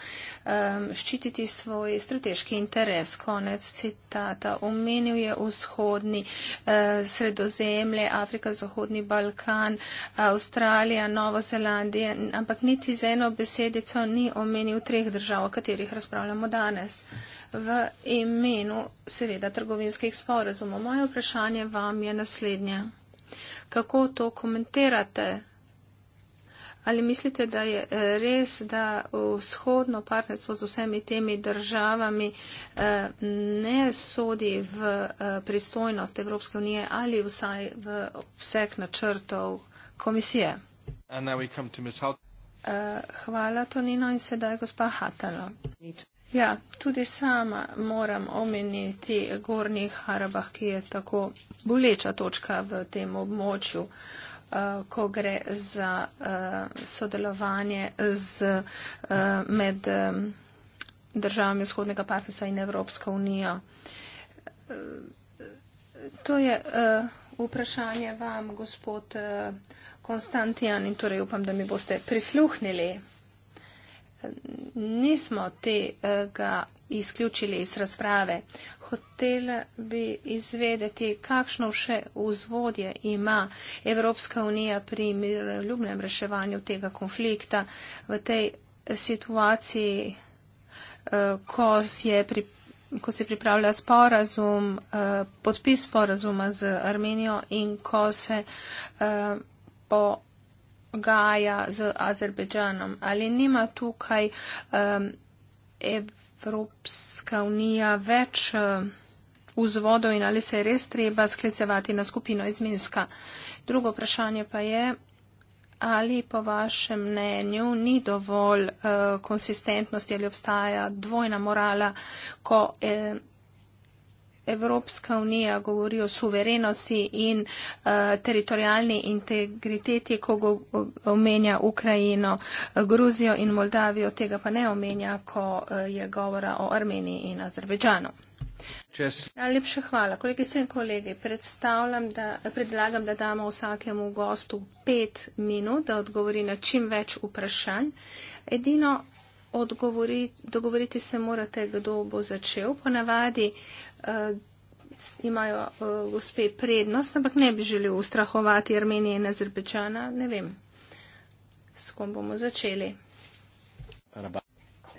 um, ščititi svoj strateški interes. Konec citata. Omenil je vzhodni uh, sredozemlje, Afrika, Zahodni Balkan, Avstralija, Novo Zelandija, ampak ni niti z eno besedico ni omenil treh držav, o katerih razpravljamo danes v imenu seveda trgovinskih sporazumov. Moje vprašanje vam je naslednje. Kako to komentirate? Ali mislite, da je eh, res, da vzhodno partnerstvo z vsemi temi državami eh, ne sodi v eh, pristojnost Evropske unije ali vsaj v vseh načrtov komisije? And now we come to Ms. Hout. Uh, hvala, Tonino, in sedaj gospa Hatala. Ja, tudi sama moram omeniti Gornji Harabah, ki je tako boleča točka v tem območju, uh, ko gre za uh, sodelovanje z, uh, med um, državami vzhodnega partnerstva in Evropsko unijo. Uh, to je uh, vprašanje vam, gospod. Uh, Konstantijan in torej upam, da mi boste prisluhnili. Nismo tega izključili iz razprave. Hotel bi izvedeti, kakšno še vzvodje ima Evropska unija pri miroljubnem reševanju tega konflikta v tej situaciji, eh, ko je pri ko se pripravlja sporazum, eh, podpis sporazuma z Armenijo in ko se eh, pogaja z Azerbejdžanom, ali nima tukaj um, Evropska unija več uh, vzvodov in ali se je res treba sklicevati na skupino iz Minska. Drugo vprašanje pa je, ali po vašem mnenju ni dovolj uh, konsistentnosti ali obstaja dvojna morala, ko. Uh, Evropska unija govori o suverenosti in uh, eh, teritorijalni integriteti, ko go, omenja Ukrajino, eh, Gruzijo in Moldavijo, tega pa ne omenja, ko uh, je govora o Armeniji in Azerbejdžanu. Najlepša hvala. Kolegice in kolegi, da, predlagam, da damo vsakemu gostu pet minut, da odgovori na čim več vprašanj. Edino odgovori, dogovoriti se morate, kdo bo začel. Ponavadi uh, uh, imajo uh, gospe prednost, ampak ne bi želel ustrahovati Armenije in Azerbejčana. Ne vem, s kom bomo začeli. Raba.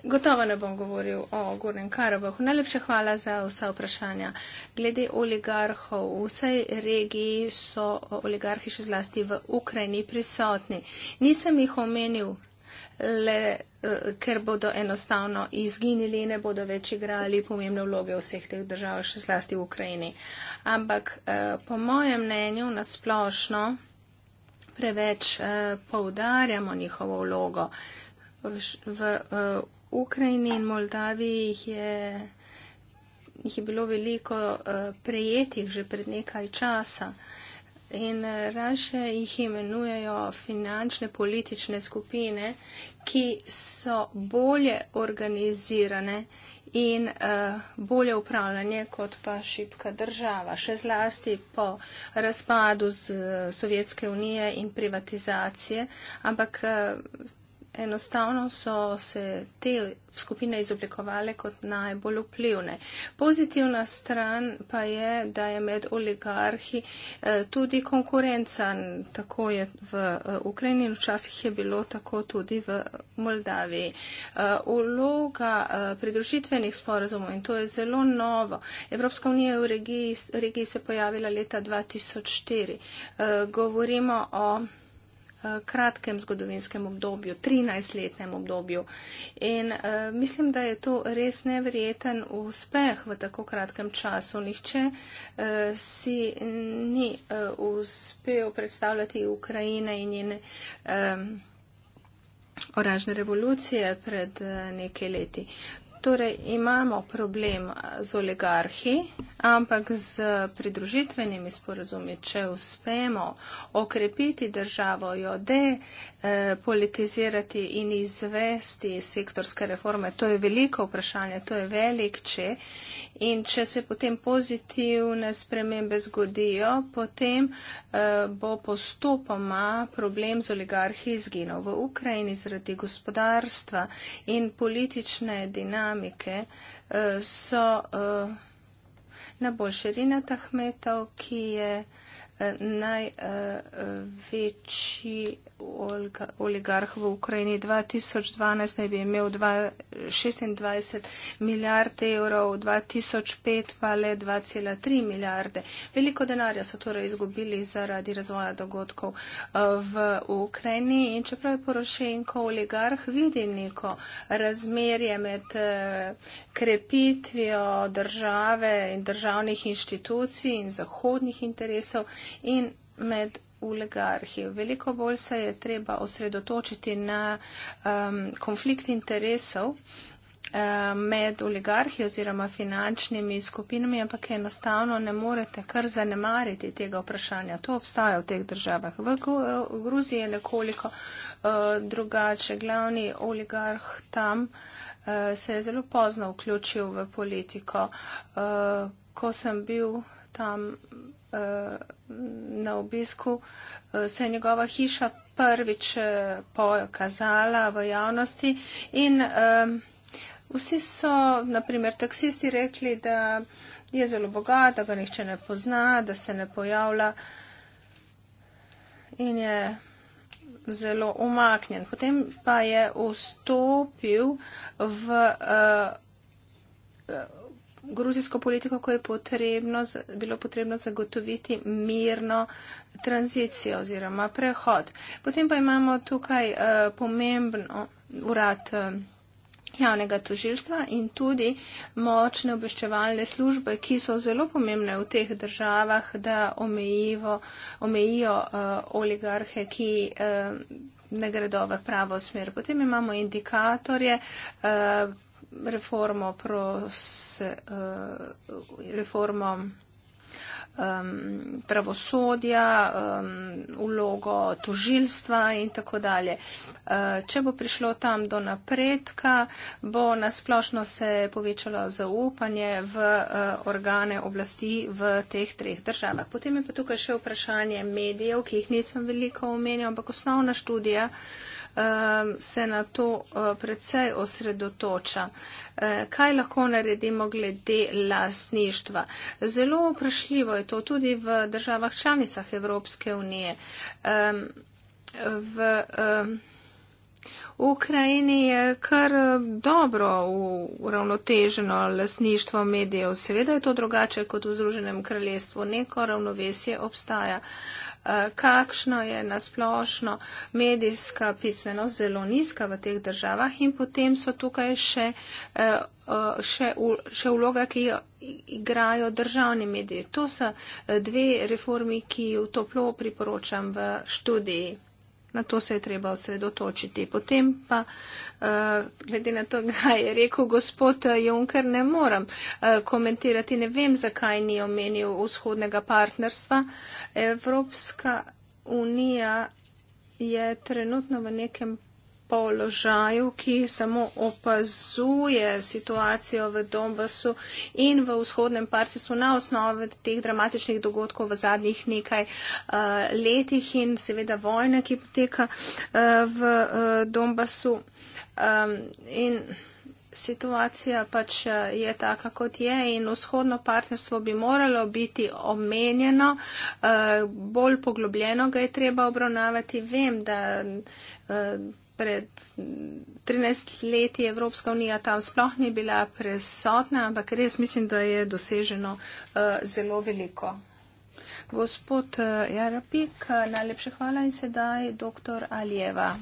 Gotovo ne bom govoril o Gornjem Karabohu. Najlepša hvala za vsa vprašanja. Glede oligarhov, v vsej regiji so oligarhi še zlasti v Ukrajini prisotni. Nisem jih omenil le, eh, ker bodo enostavno izginili in ne bodo več igrali pomembne vloge vseh teh držav, še zlasti v Ukrajini. Ampak eh, po mojem mnenju nasplošno preveč eh, poudarjamo njihovo vlogo. V Ukrajini in Moldaviji jih je, jih je bilo veliko prejetih že pred nekaj časa in eh, raše jih imenujejo finančne politične skupine, ki so bolje organizirane in uh, bolje upravljanje kot pa šipka država. Še zlasti po razpadu z, uh, Sovjetske unije in privatizacije, ampak uh, enostavno so se te skupine izoblikovale kot najbolj vplivne. Pozitivna stran pa je, da je med oligarhi eh, tudi konkurenca, tako je v eh, Ukrajini in včasih je bilo tako tudi v Moldaviji. Uloga eh, pridružitvenih sporazumov in to je zelo novo. Evropska unija je v regiji, regiji se pojavila leta 2004. Govorimo o Eh, kratkem zgodovinskem obdobju, 13-letnem obdobju. In uh, mislim, da je to res nevreten uspeh v tako kratkem času. Nihče uh, si ni uh, uspel predstavljati Ukrajine in njene um, oražne revolucije pred uh, nekaj leti torej imamo problem z oligarhi, ampak z pridružitvenimi sporazumi, če uspemo okrepiti državo, jo depolitizirati eh, in izvesti sektorske reforme, to je veliko vprašanje, to je velik če In če se potem pozitivne spremembe zgodijo, potem eh, bo postopoma problem z oligarhi izginil. V Ukrajini zaradi gospodarstva in politične dinamike eh, so eh, na boljšerina tahmetov, ki je eh, največji. Eh, oligarh v Ukrajini. 2012 naj bi imel 26 milijard evrov, 2005 pa le 2,3 milijarde. Veliko denarja so torej izgubili zaradi razvoja dogodkov eh, v Ukrajini in čeprav je Porošenko oligarh vidi neko razmerje med eh, krepitvijo države in državnih inštitucij in zahodnih interesov in med oligarhi. Veliko bolj se je treba osredotočiti na um, konflikt interesov uh, med oligarhi oziroma finančnimi skupinami, ampak enostavno ne morete kar zanemariti tega vprašanja. To obstaja v teh državah. V Gruziji je nekoliko uh, drugače. Glavni oligarh tam uh, se je zelo pozno vključil v politiko. Uh, ko sem bil tam na obisku, eh, se je njegova hiša prvič eh, pokazala v javnosti in vsi so, naprimer, taksisti rekli, da je zelo bogat, da ga nihče ne pozna, da se ne pojavlja in je zelo umaknjen. Potem pa je vstopil v. Eh, gruzijsko politiko, ko je potrebno, bilo potrebno zagotoviti mirno tranzicijo oziroma prehod. Potem pa imamo tukaj uh, eh, pomembno urad. Uh, javnega tožilstva in tudi močne obveščevalne službe, ki so zelo pomembne v teh državah, da omejivo, omejijo uh, oligarhe, ki uh, ne gredo v pravo smer. Potem imamo indikatorje, uh, reformo, pros, uh, eh, reformo um, pravosodja, um, vlogo tožilstva in tako dalje. Uh, če bo prišlo tam do napredka, bo nasplošno se povečalo zaupanje v uh, organe oblasti v teh treh državah. Potem je pa tukaj še vprašanje medijev, ki jih nisem veliko omenjal, ampak osnovna študija. Uh, se na to eh, precej osredotoča. Eh, kaj lahko naredimo glede lasništva? Zelo vprašljivo je to tudi v državah članicah Evropske unije. V Ukrajini je kar eh, dobro uravnoteženo lasništvo medijev. Seveda je to drugače kot v Združenem kraljestvu. Neko ravnovesje obstaja kakšno je nasplošno medijska pismenost zelo nizka v teh državah in potem so tukaj še, eh, še, še vloga, ki jo igrajo državni mediji. To so eh, dve reformi, ki jo toplo priporočam v študiji. Na to se je treba osredotočiti. Potem pa, eh, glede na to, [laughs] kaj je rekel gospod eh, Juncker, ne moram eh, komentirati, ne vem, zakaj ni omenil vzhodnega partnerstva. Evropska unija je trenutno v nekem položaju, ki samo opazuje situacijo v Donbasu in v vzhodnem partijstvu na osnovi teh dramatičnih dogodkov v zadnjih nekaj uh, letih in seveda vojne, ki poteka uh, v uh, Donbasu. Um, in situacija pač je taka, kot je in vzhodno partnerstvo bi moralo biti omenjeno, bolj poglobljeno ga je treba obravnavati. Vem, da pred 13 leti Evropska unija tam sploh ni bila presotna, ampak res mislim, da je doseženo eh, zelo veliko. Gospod eh, Jarapik, eh, najlepše hvala in sedaj doktor Aljeva.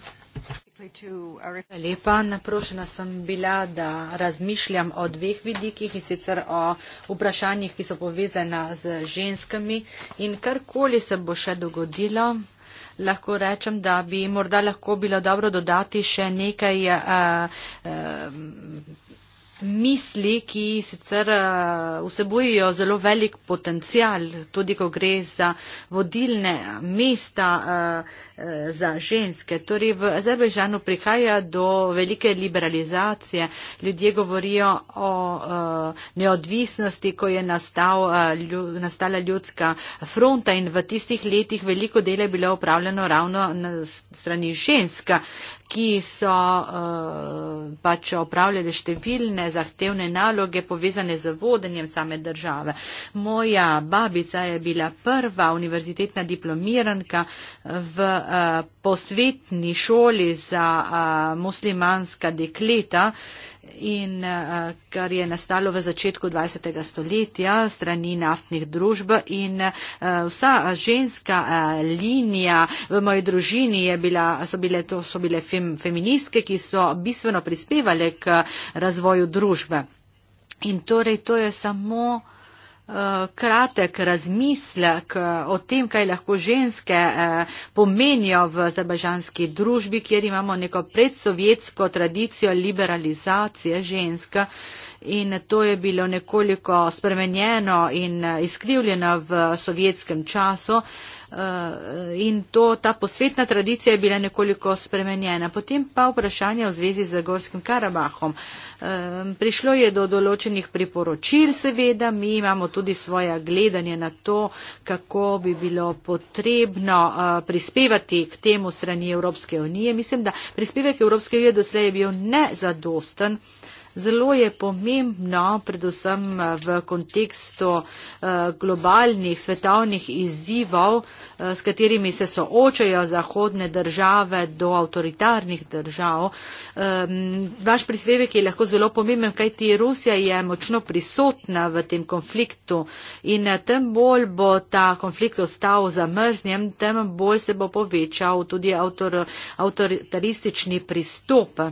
Lepa, naprošena sem bila, da razmišljam o dveh vidikih in sicer o vprašanjih, ki so povezana z ženskami in karkoli se bo še dogodilo, lahko rečem, da bi morda lahko bilo dobro dodati še nekaj uh, uh, misli, ki sicer eh, vsebujejo zelo velik potencial, tudi ko gre za vodilne mesta eh, eh, za ženske. Torej v Azerbejžanu prihaja do velike liberalizacije. Ljudje govorijo o neodvisnosti, ko je nastal, nastala ljudska fronta in v tistih letih veliko dele je bilo upravljeno ravno na strani ženska ki so uh, pač opravljali številne zahtevne naloge povezane z vodenjem same države. Moja babica je bila prva univerzitetna diplomiranka v uh, posvetni šoli za uh, muslimanska dekleta uh, in eh, kar je nastalo v začetku 20. stoletja strani naftnih družb in eh, vsa ženska eh, linija v moji družini je bila, so bile, to so bile fem, feministke, ki so bistveno prispevale k razvoju družbe. In torej to je samo. Eh, kratek razmislek eh, o tem, kaj lahko ženske eh, pomenijo v azerbajžanski družbi, kjer imamo neko predsovjetsko tradicijo liberalizacije ženska in to je bilo nekoliko spremenjeno in eh, izkrivljeno v sovjetskem času eh, in to, ta posvetna tradicija je bila nekoliko spremenjena. Potem pa vprašanje v zvezi z Gorskim Karabahom. Eh, prišlo je do določenih priporočil, seveda, mi imamo tudi svoje gledanje na to, kako bi bilo potrebno prispevati k temu strani Evropske unije. Mislim, da prispevek Evropske unije doslej je bil nezadosten. Zelo je pomembno, predvsem eh, v kontekstu eh, globalnih svetovnih izzivov, eh, s katerimi se soočajo zahodne države do avtoritarnih držav. Vaš prispevek je lahko zelo pomemben, kajti Rusija je močno prisotna v tem konfliktu in tem bolj bo ta konflikt ostal zamrznjen, tem bolj se bo povečal tudi avtor, avtoritaristični pristop.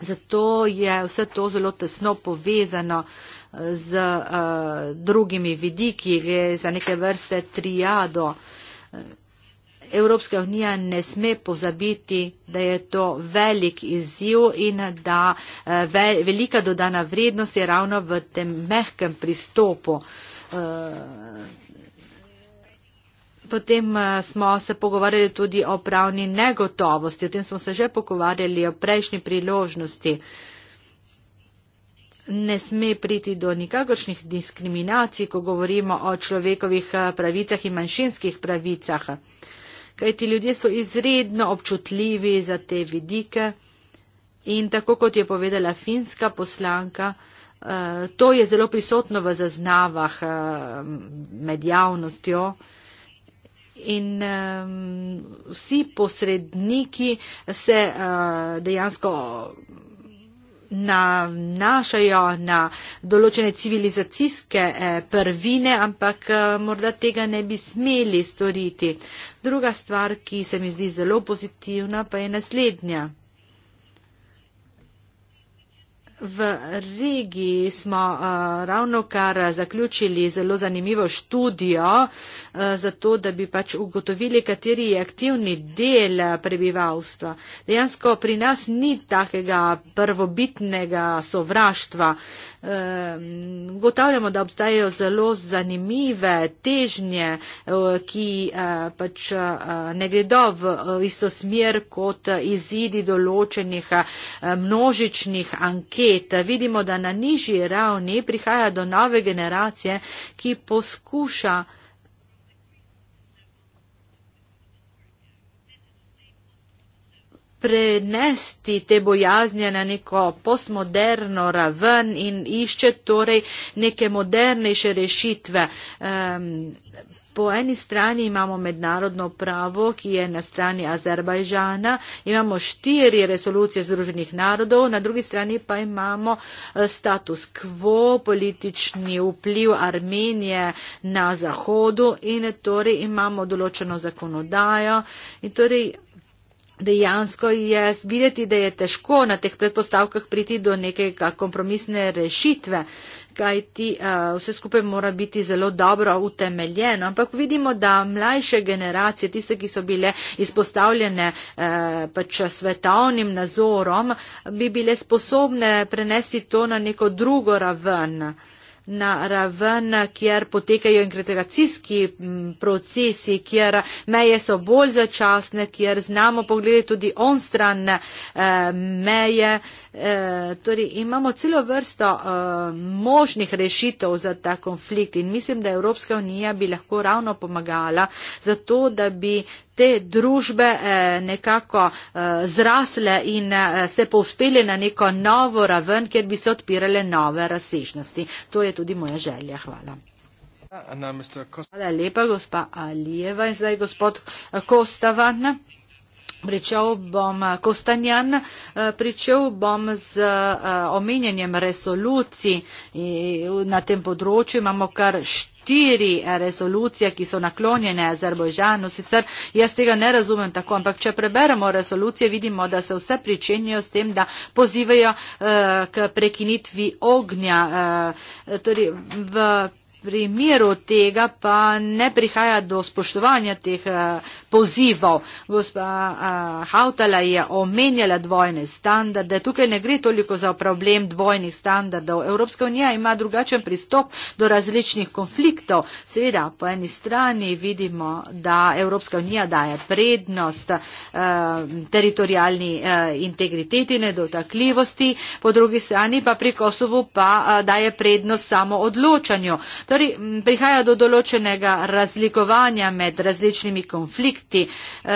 Zato je vse to zelo tesno povezano eh, z uh, drugimi vidiki, gre za neke vrste triado. Eh, Evropska unija ne sme pozabiti, da je to velik izziv in da uh, ve velika dodana vrednost je ravno v tem mehkem pristopu. Uh, Potem eh, smo se pogovarjali tudi o pravni negotovosti, o tem smo se že pogovarjali o prejšnji priložnosti. Ne sme priti do nikakršnih diskriminacij, ko govorimo o človekovih eh, pravicah in manjšinskih pravicah. Kaj ti ljudje so izredno občutljivi za te vidike in tako kot je povedala finska poslanka, eh, to je zelo prisotno v zaznavah med javnostjo in um, vsi posredniki se uh, dejansko nanašajo na določene civilizacijske eh, prvine, ampak eh, morda tega ne bi smeli storiti. Druga stvar, ki se mi zdi zelo pozitivna, pa je naslednja. V regiji smo uh, eh, ravno kar zaključili zelo zanimivo študijo, uh, zato da bi pač ugotovili, kateri je aktivni del prebivalstva. Dejansko pri nas ni takega prvobitnega sovraštva. Uh, Ehm, ugotavljamo, da obstajajo zelo zanimive težnje, eh, ki eh, pač eh, ne gredo v isto smer kot izidi določenih množičnih anket. Vidimo, da na nižji ravni prihaja do nove generacije, ki poskuša prenesti te bojazne na neko postmoderno raven in išče torej neke modernejše rešitve. Um, Po eni strani imamo mednarodno pravo, ki je na strani Azerbajžana, imamo štiri resolucije Združenih narodov, na drugi strani pa imamo eh, status quo, politični vpliv Armenije na Zahodu in torej imamo določeno zakonodajo. In torej dejansko je videti, da je težko na teh predpostavkah priti do nekega kompromisne rešitve, kajti eh, vse skupaj mora biti zelo dobro utemeljeno. Ampak vidimo, da mlajše generacije, tiste, ki so bile izpostavljene eh, pač svetovnim nazorom, bi bile sposobne prenesti to na neko drugo raven na raven, kjer potekajo integracijski mm, procesi, kjer meje so bolj začasne, kjer znamo pogledati tudi on stran eh, meje. Eh, torej imamo celo vrsto eh, možnih rešitev za ta konflikt in mislim, da Evropska unija bi lahko ravno pomagala za to, da bi te družbe eh, nekako eh, zrasle in eh, se povspeli na neko novo raven, kjer bi se odpirale nove razsežnosti. To je tudi moja želja. Hvala. Hvala lepa, gospa Alijeva in zdaj gospod Kostavan. Pričel bom eh, Kostanjan, eh, pričel bom z eh, omenjanjem resolucij na tem področju. Imamo kar štiri resolucije, ki so naklonjene Azerbojžanu. Sicer jaz tega ne razumem tako, ampak če preberemo resolucije, vidimo, da se vse pričenjajo s tem, da pozivajo k prekinitvi ognja. Torej, primeru tega pa ne prihaja do spoštovanja teh uh, pozivov. Gospa uh, Hautala je omenjala dvojne standarde. Tukaj ne gre toliko za problem dvojnih standardov. Evropska unija ima drugačen pristop do različnih konfliktov. Seveda, po eni strani vidimo, da Evropska unija daje prednost uh, eh, teritorijalni uh, integriteti, nedotakljivosti, po drugi strani pa pri Kosovu pa uh, daje prednost samo odločanju. Torej, prihaja do določenega razlikovanja med različnimi konflikti. E,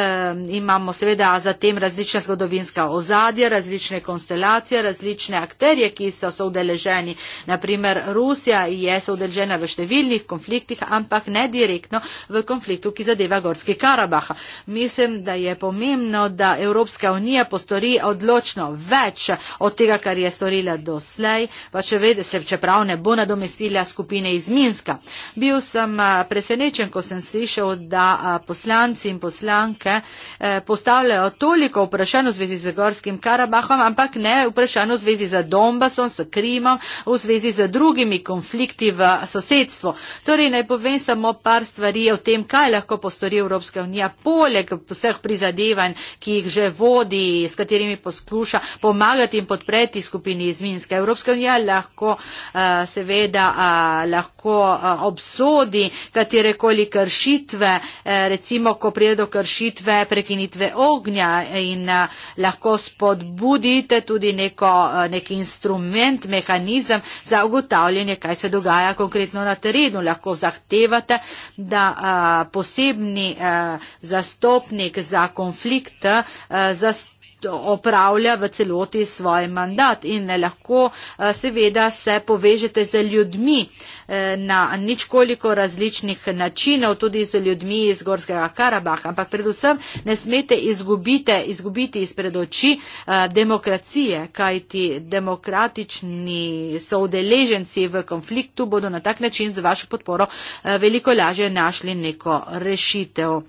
imamo seveda zatem različna zgodovinska ozadja, različne konstelacije, različne akterje, ki so soudeleženi. Naprimer, Rusija je soudeležena v številnih konfliktih, ampak ne direktno v konfliktu, ki zadeva Gorski Karabah. Mislim, da je pomembno, da Evropska unija postori odločno več od tega, kar je storila doslej, pa še vedno se, čeprav ne bo nadomestila skupine izmin. Finska. Bil sem presenečen, ko sem slišal, da poslanci in poslanke e, postavljajo toliko vprašanj v zvezi z Gorskim Karabahom, ampak ne vprašanj v zvezi z Dombasom, s Krimom, v zvezi z drugimi konflikti v sosedstvu. Torej, naj povem samo par stvari o tem, kaj lahko postori Evropska unija, poleg vseh prizadevanj, ki jih že vodi, s katerimi poskuša pomagati in podpreti skupini iz Minska. Evropska unija lahko, e, seveda, lahko obsodi katerekoli kršitve, e, recimo, ko prije do kršitve prekinitve ognja in lahko spodbudite tudi neko, nek instrument, mehanizem za ugotavljanje, kaj se dogaja konkretno na terenu. Lahko zahtevate, da posebni zastopnik za konflikt zastopnik opravlja v celoti svoj mandat in lahko eh, seveda se povežete z ljudmi eh, na ničkoliko različnih načinov, tudi z ljudmi iz Gorskega Karabaha, ampak predvsem ne smete izgubite, izgubiti izpred oči eh, demokracije, kajti demokratični soodeleženci v konfliktu bodo na tak način z vašo podporo veliko lažje našli neko rešitev.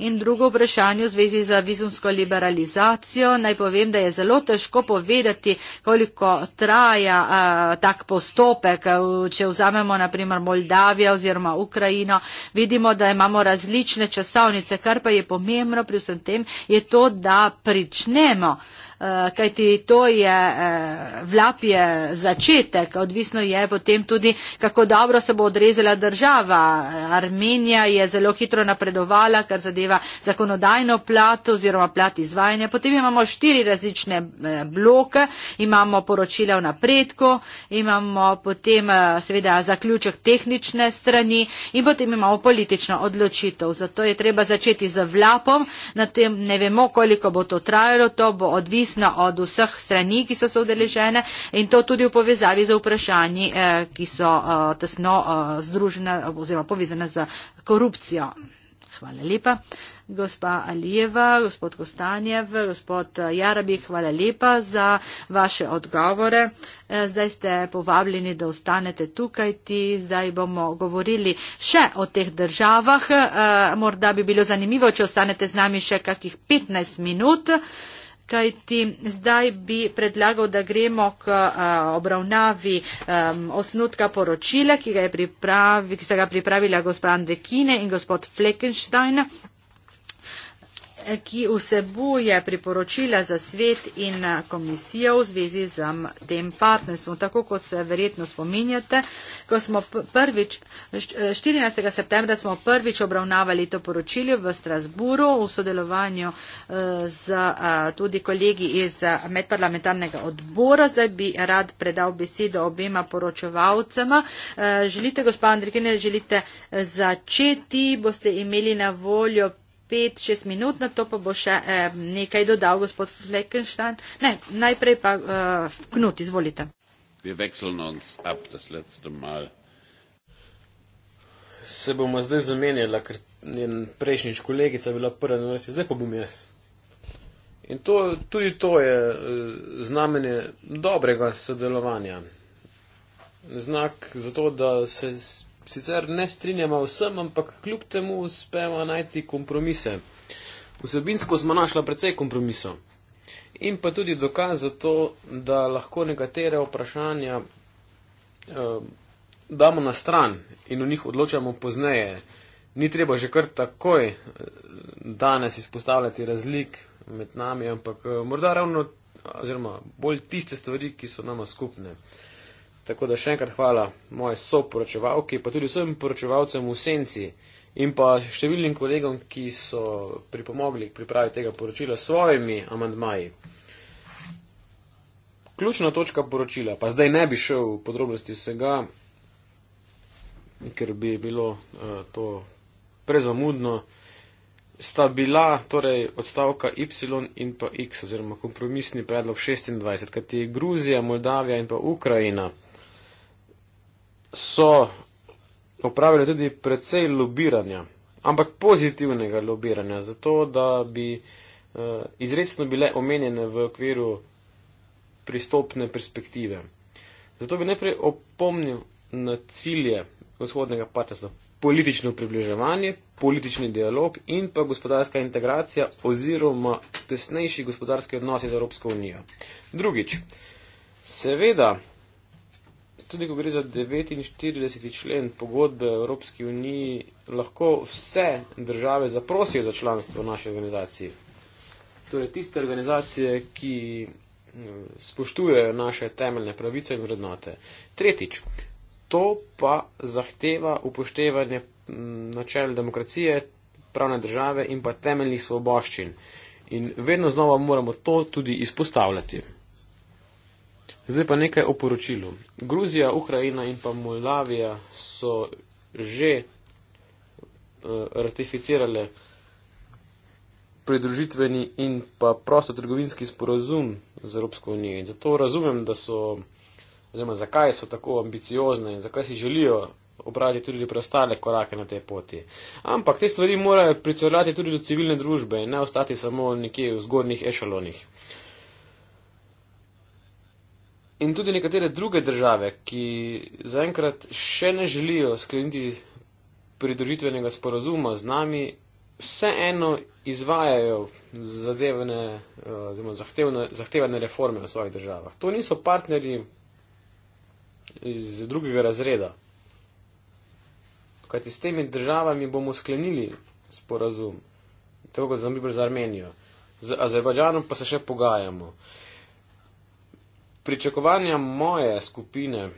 In drugo vprašanje v zvezi z vizumsko liberalizacijo. Naj povem, da je zelo težko povedati, koliko traja uh, tak postopek. Če vzamemo naprimer Moldavijo oziroma Ukrajino, vidimo, da imamo različne časovnice. Kar pa je pomembno pri vsem tem, je to, da pričnemo. Uh, Eh, kajti to je, eh, vlap je začetek, odvisno je potem tudi, kako dobro se bo odrezala država. Armenija je zelo hitro napredovala, kar zadeva zakonodajno plat oziroma plat izvajanja. Potem imamo štiri različne eh, bloke, imamo poročila v napredku, imamo potem seveda zaključek tehnične strani in potem imamo politično odločitev. Zato je treba začeti z vlapom, na tem ne vemo, koliko bo to trajalo, to bo odvisno odvisna od vseh strani, ki so se udeležene in to tudi v povezavi z vprašanji, eh, ki so eh, tesno eh, združene oziroma povezane z korupcijo. Hvala lepa. Gospa Alijeva, gospod Kostanjev, gospod Jarabi, hvala lepa za vaše odgovore. Zdaj ste povabljeni, da ostanete tukaj ti. Zdaj bomo govorili še o teh državah. Morda bi bilo zanimivo, če ostanete z nami še kakih 15 minut kaj ti zdaj bi predlagal, da gremo k eh, obravnavi osnutka poročila, ki, ki sta ga pripravila gospod Andrekine in gospod Fleckenstein ki vsebuje priporočila za svet in eh, komisijo v zvezi z um, tem partnerstvom. Tako kot se verjetno spominjate, ko smo prvič, 14. Eh, septembra smo prvič obravnavali to poročilo v Strasburu v sodelovanju eh, z tudi kolegi iz medparlamentarnega odbora. Zdaj bi rad predal besedo obema poročevalcema. Želite, gospod Andrikine, želite začeti, boste imeli na voljo 5-6 minut, na to pa bo še eh, nekaj dodal gospod Fleckenstein. Ne, najprej pa eh, Knut, izvolite. Ab, Se bomo zdaj zamenjali, ker njen prejšnjič kolegica bila prva na vrsti, zdaj pa bom jaz. In to, tudi to je eh, znamenje dobrega sodelovanja. Znak za to, da se sicer ne strinjamo vsem, ampak kljub temu uspemo najti kompromise. Vsebinsko smo našla precej kompromisov in pa tudi dokaz za to, da lahko nekatere vprašanja eh, damo na stran in o njih odločamo pozneje. Ni treba že kar takoj eh, danes izpostavljati razlik med nami, ampak eh, morda ravno oziroma bolj tiste stvari, ki so nama skupne. Tako da še enkrat hvala moje soporočevalki, pa tudi vsem poročevalcem v senci in pa številnim kolegom, ki so pripomogli k pripravi tega poročila s svojimi amandmaji. Ključna točka poročila, pa zdaj ne bi šel v podrobnosti vsega, ker bi bilo uh, to prezamudno, sta bila torej odstavka Y in pa X oziroma kompromisni predlog 26, kajti Gruzija, Moldavija in pa Ukrajina so opravili tudi precej lobiranja, ampak pozitivnega lobiranja, zato da bi eh, izredno bile omenjene v okviru pristopne perspektive. Zato bi najprej opomnil na cilje vzhodnega partnerstva. Politično približevanje, politični dialog in pa gospodarska integracija oziroma tesnejši gospodarski odnosi z Evropsko unijo. Drugič, seveda tudi ko gre za 49. člen pogodbe Evropske unije, lahko vse države zaprosijo za članstvo v naši organizaciji. Torej, tiste organizacije, ki eh, spoštujejo naše temeljne pravice in vrednote. Tretjič, to pa zahteva upoštevanje mm, načel demokracije, pravne države in pa temeljnih svoboščin. In vedno znova moramo to tudi izpostavljati. Zdaj pa nekaj o poročilu. Gruzija, Ukrajina in pa Moldavija so že eh, ratificirale pridružitveni in pa prostotrgovinski sporozum z Evropsko unijo. In zato razumem, da so, oziroma zakaj so tako ambiciozne in zakaj si želijo opraviti tudi preostale korake na tej poti. Ampak te stvari morajo pricorljati tudi do civilne družbe in ne ostati samo nekje v zgornjih ešalonih. Uh, in tudi nekatere druge države, ki zaenkrat še ne želijo skleniti pridružitvenega sporazuma z nami, vseeno izvajajo zadevne, eh, zelo zahtevne, zahtevne reforme v svojih državah. To niso partnerji iz drugega razreda. Kajti s temi državami bomo sklenili sporazum, tako kot za Armenijo. Z Azerbajdžanom pa se še pogajamo. Uh, Pričakovanja moje skupine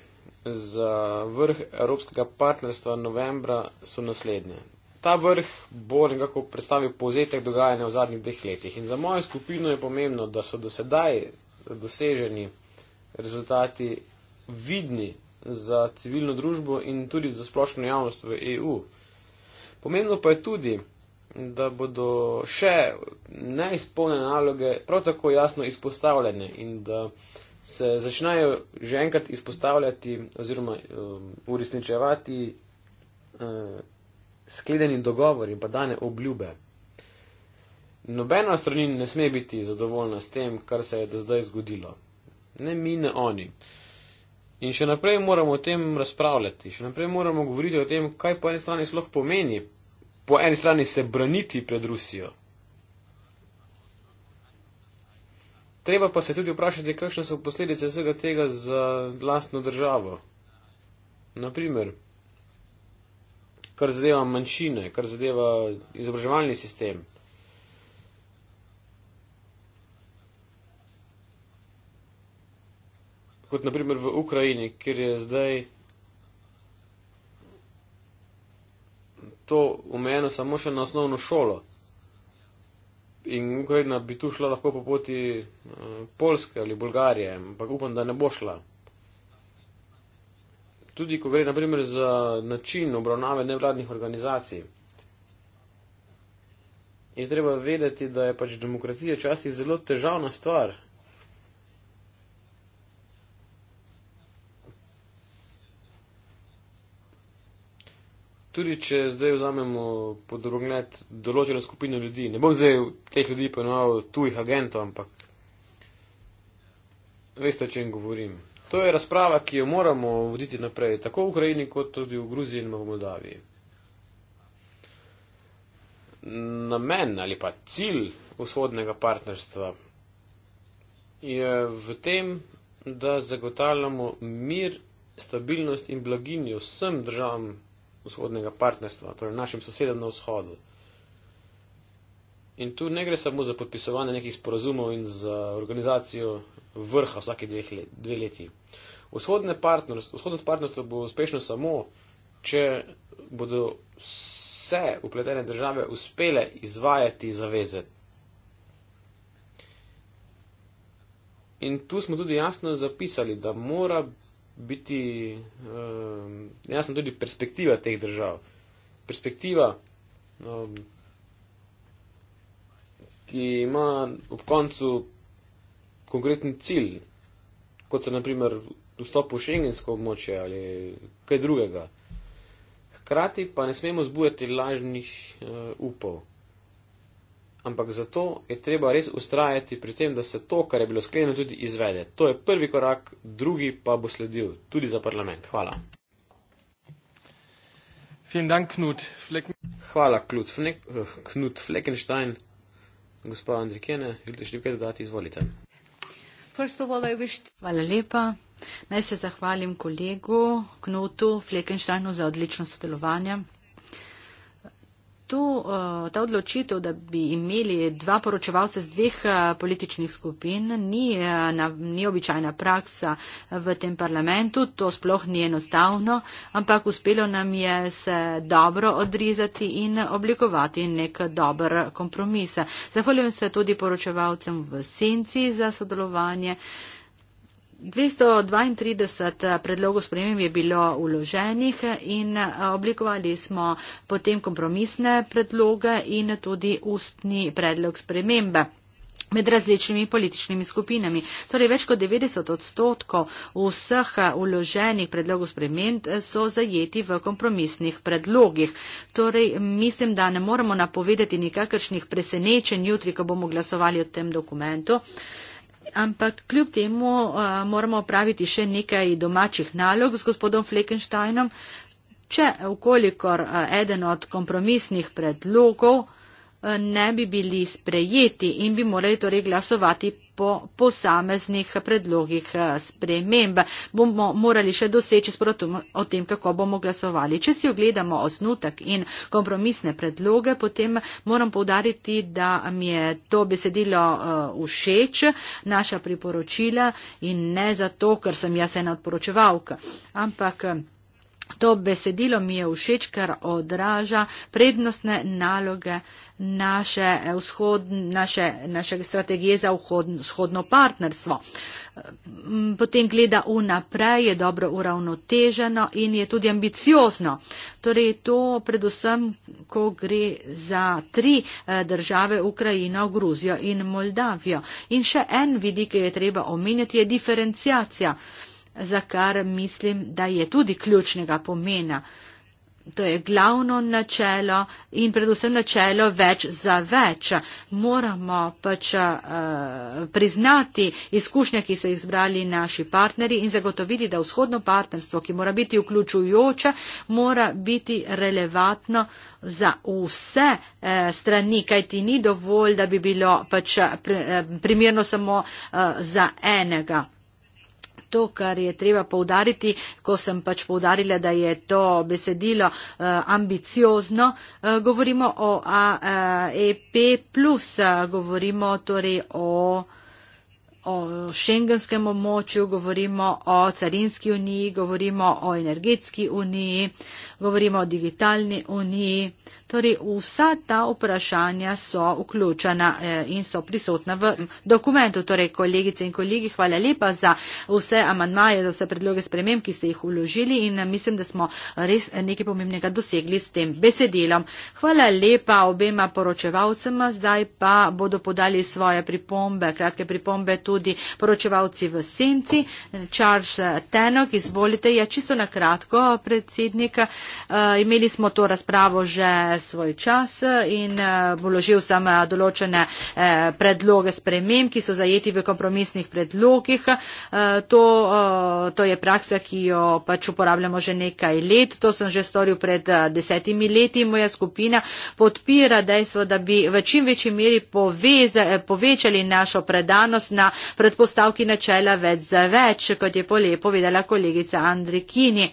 za vrh Evropskega partnerstva novembra so naslednje. Ta vrh bo nekako predstavil povzetek dogajanja v zadnjih dveh letih in za mojo skupino je pomembno, da so dosedaj doseženi rezultati vidni za civilno družbo in tudi za splošno javnost v EU. Pomembno pa je tudi, da bodo še neizpolnjene naloge prav tako jasno izpostavljene in da se začnejo že enkrat izpostavljati oziroma um, uresničevati uh, skledeni dogovori in pa dane obljube. Nobena stranin ne sme biti zadovoljna s tem, kar se je do zdaj zgodilo. Ne mi, ne oni. In še naprej moramo o tem razpravljati, še naprej moramo govoriti o tem, kaj po eni strani sploh pomeni, po eni strani se braniti pred Rusijo. Treba pa se tudi vprašati, kakšne so posledice vsega tega za vlastno državo. Naprimer, kar zadeva manjšine, kar zadeva izobraževalni sistem. Kot naprimer v Ukrajini, kjer je zdaj to omejeno samo še na osnovno šolo. In Ukrajina bi tu šla lahko po poti eh, Polske ali Bolgarije, ampak upam, da ne bo šla. Tudi, ko gre naprimer za način obravnave nevladnih organizacij, je treba vedeti, da je pač demokracija včasih zelo težavna stvar Tudi če zdaj vzamemo pod rogled določeno skupino ljudi, ne bom zdaj teh ljudi poenoval tujih agentov, ampak veste, če jim govorim. To je razprava, ki jo moramo voditi naprej, tako v Ukrajini, kot tudi v Gruziji in v Moldaviji. Namen ali pa cilj vzhodnega partnerstva je v tem, da zagotavljamo mir, stabilnost in blaginjo vsem državam vzhodnega partnerstva, torej našim sosedom na vzhodu. In tu ne gre samo za podpisovanje nekih sporazumov in za organizacijo vrha vsake dve, let, dve leti. Vzhodne partnerstvo, vzhodne partnerstvo bo uspešno samo, če bodo vse upletene države uspele izvajati zaveze. In tu smo tudi jasno zapisali, da mora biti um, ehm, jasna tudi perspektiva teh držav. Perspektiva, um, ki ima ob koncu konkreten cilj, kot so naprimer vstop v šengensko območje ali kaj drugega. Hkrati pa ne smemo zbujati lažnih uh, upov ampak zato je treba res ustrajati pri tem, da se to, kar je bilo sklenjeno, tudi izvede. To je prvi korak, drugi pa bo sledil tudi za parlament. Hvala. Hvala, Knut, Fleck, eh, Knut Fleckenstein. Gospod Andrikene, želite še nekaj dodati? Izvolite. Hvala lepa. Naj se zahvalim kolegu Knutu Fleckensteinu za odlično sodelovanje tu, eh, ta odločitev, da bi imeli dva poročevalca z dveh eh, političnih skupin, ni, eh, ni običajna praksa v tem parlamentu, to sploh ni enostavno, ampak uspelo nam je se dobro odrizati in oblikovati nek dober kompromis. Zahvaljujem se tudi poročevalcem v senci za sodelovanje. 232 eh, predlogov sprememb je bilo uloženih in eh, oblikovali smo potem kompromisne predloge in tudi ustni predlog spremembe med različnimi političnimi skupinami. Torej, več kot 90 odstotkov vseh uloženih eh, predlogov sprememb so zajeti v kompromisnih predlogih. Torej, mislim, da ne moremo napovedati nikakršnih presenečenj jutri, ko bomo glasovali o tem dokumentu. Uh, Ampak kljub temu uh, moramo opraviti še nekaj domačih nalog z gospodom Fleckensteinom. Če, ukolikor uh, eden od kompromisnih predlogov uh, ne bi bili sprejeti in bi morali torej glasovati po posameznih predlogih eh, sprememb. Bomo morali še doseči sporotum o tem, kako bomo glasovali. Če si ogledamo osnutek in kompromisne predloge, potem moram povdariti, da mi je to besedilo eh, všeč, naša priporočila in ne zato, ker sem jaz ena odporočevalka, ampak To besedilo mi je všeč, ker odraža prednostne naloge naše, eh, vzhod, naše, naše strategije za vhod, vzhodno partnerstvo. Mm, potem gleda vnaprej, je dobro uravnoteženo in je tudi ambiciozno. Torej to predvsem, ko gre za tri eh, države, Ukrajino, Gruzijo in Moldavijo. In še en vidik, ki je treba omenjati, je diferencijacija za kar mislim, da je tudi ključnega pomena. To je glavno načelo in predvsem načelo več za več. Moramo pač uh, priznati izkušnje, ki so jih zbrali naši partneri in zagotoviti, da vzhodno partnerstvo, ki mora biti vključujoče, mora biti relevantno za vse eh, strani, kaj ti ni dovolj, da bi bilo pač pr, eh, eh primirno samo eh, za enega to, kar je treba povdariti, ko sem pač povdarila, da je to besedilo eh, ambiciozno. Eh, govorimo o AEP, eh, e govorimo torej o o šengenskem območju, govorimo o carinski uniji, govorimo o energetski uniji, govorimo o digitalni uniji. Torej, vsa ta vprašanja so vključena eh, in so prisotna v dokumentu. Torej, kolegice in kolegi, hvala lepa za vse amanmaje, za vse predloge sprememb, ki ste jih uložili in eh, mislim, da smo res eh, nekaj pomembnega dosegli s tem besedilom. Hvala lepa obema poročevalcema, zdaj pa bodo podali svoje pripombe, kratke pripombe. Tudi tudi poročevalci v senci. Charles Tenok, izvolite, je ja, čisto na kratko predsednika. Eh, imeli smo to razpravo že svoj čas in eh, vložil sem eh, določene predloge sprememb, ki so zajeti v kompromisnih predlogih. To, to je praksa, ki jo pač uporabljamo že nekaj let. To sem že storil pred desetimi leti. Moja skupina podpira dejstvo, da bi v čim večji meri poveze, povečali našo predanost na predpostavki načela več za več, kot je polje povedala kolegica Andrikini.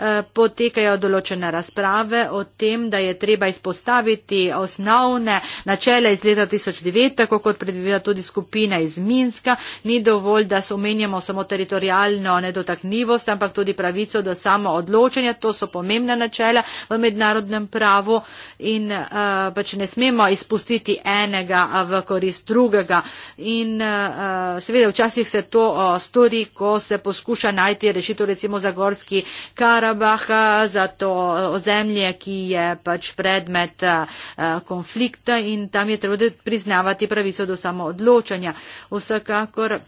Eh, potekajo določene razprave o tem, da je treba izpostaviti osnovne načele iz leta 2009, tako kot predvideva tudi skupina iz Minska. Ni dovolj, da omenjamo samo teritorijalno nedotaknivost, ampak tudi pravico do samo odločanja. To so pomembna načela v mednarodnem pravu in uh, pač ne smemo izpustiti enega v korist drugega. In uh, seveda včasih se to uh, stori, ko se poskuša najti rešitev recimo za gorski karavan potrebah, za to ozemlje, ki je pač predmet eh, konflikta in tam je treba priznavati pravico do samoodločanja. Vsekakor.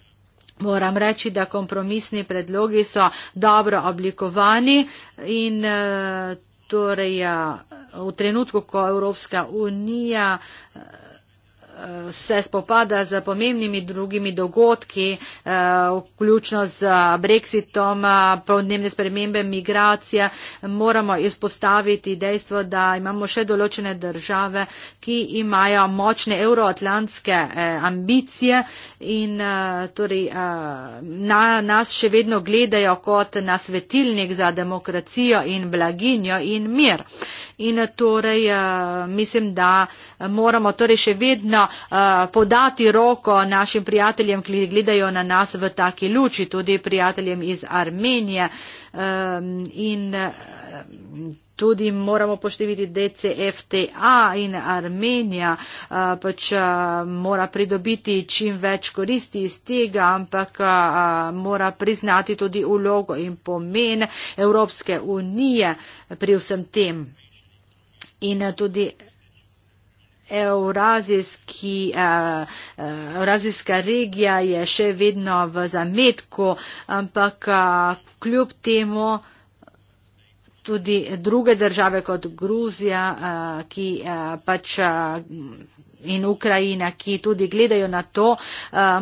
Moram reči, da kompromisni predlogi so dobro oblikovani in eh, torej, eh, v trenutku, ko Evropska unija se spopada z pomembnimi drugimi dogodki, eh, vključno z Brexitom, podnebne spremembe, migracija, moramo izpostaviti dejstvo, da imamo še določene države, ki imajo močne euroatlantske eh, ambicije in eh, torej, na nas še vedno gledajo kot na svetilnik za demokracijo in blaginjo in mir. In torej, mislim, da moramo torej še vedno uh, podati roko našim prijateljem, ki gledajo na nas v taki luči, tudi prijateljem iz Armenije. Um, in, uh, Tudi moramo poštevati DCFTA in Armenija, pač mora pridobiti čim več koristi iz tega, ampak mora priznati tudi ulogo in pomen Evropske unije pri vsem tem. In tudi Evrazijski, eh, Evrazijska eh, regija je še vedno v zametku, ampak eh, kljub temu tudi druge države kot Gruzija, eh, ki eh, pač. Eh, in Ukrajina, ki tudi gledajo na to, uh,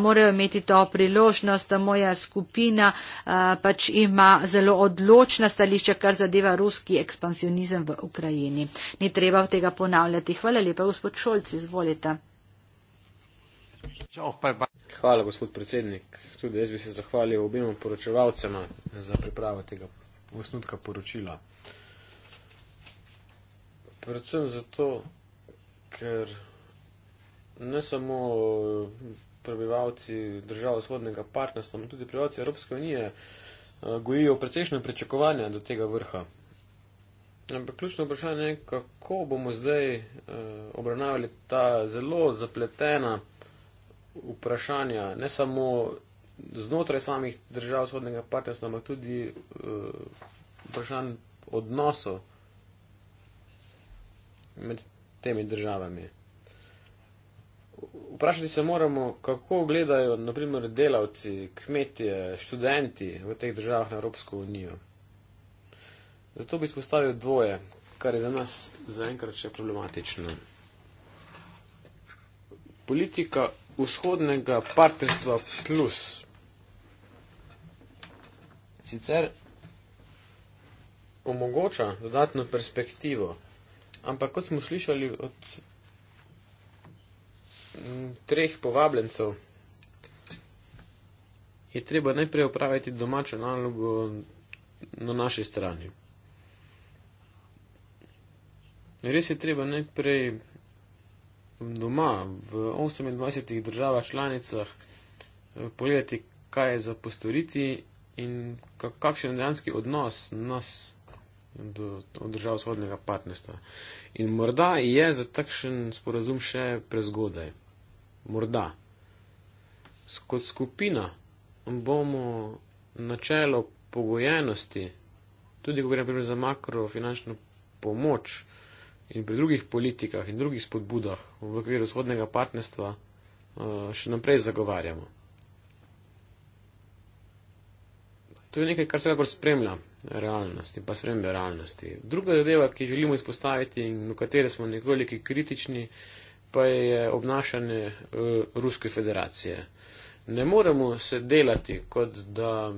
morajo imeti to priložnost. Moja skupina uh, pač ima zelo odločna stališča, kar zadeva ruski ekspansionizem v Ukrajini. Ni treba tega ponavljati. Hvala lepa, gospod Šolci, izvolite. Hvala, gospod predsednik. Tudi jaz bi se zahvalil obima poročevalcema za pripravo tega osnutka poročila. Predvsem zato, ker ne samo eh, prebivalci držav vzhodnega partnerstva, ampak tudi prebivalci Evropske unije eh, gojijo precejšnje pričakovanja do tega vrha. Ampak ključno vprašanje je, kako bomo zdaj eh, obravnavali ta zelo zapletena vprašanja, ne samo znotraj samih držav vzhodnega partnerstva, ampak tudi vprašanj odnosov med temi državami vprašati se moramo, kako gledajo naprimer delavci, kmetije, študenti v teh državah na Evropsko unijo. Zato bi spostavil dvoje, kar je za nas zaenkrat še problematično. Politika vzhodnega partnerstva plus. Sicer omogoča dodatno perspektivo, ampak kot smo slišali od treh povabljencev, je treba najprej upraviti domačo nalogo na naši strani. Res je treba najprej doma v 28 državah članicah eh, pogledati, kaj je za postoriti in kakšen dejanski odnos nas do, do držav vzhodnega partnerstva. In morda je za takšen sporazum še prezgodaj. Morda. Kot skupina bomo načelo pogojenosti, tudi ko gre naprimer za makrofinančno pomoč in pri drugih politikah in drugih spodbudah v okviru vzhodnega partnerstva, eh, še naprej zagovarjamo. To je nekaj, kar se kakor spremlja realnosti, pa spremembe realnosti. Druga zadeva, ki želimo izpostaviti in v katere smo nekoliko kritični, pa je obnašanje eh, Ruske federacije. Ne moremo se delati, kot da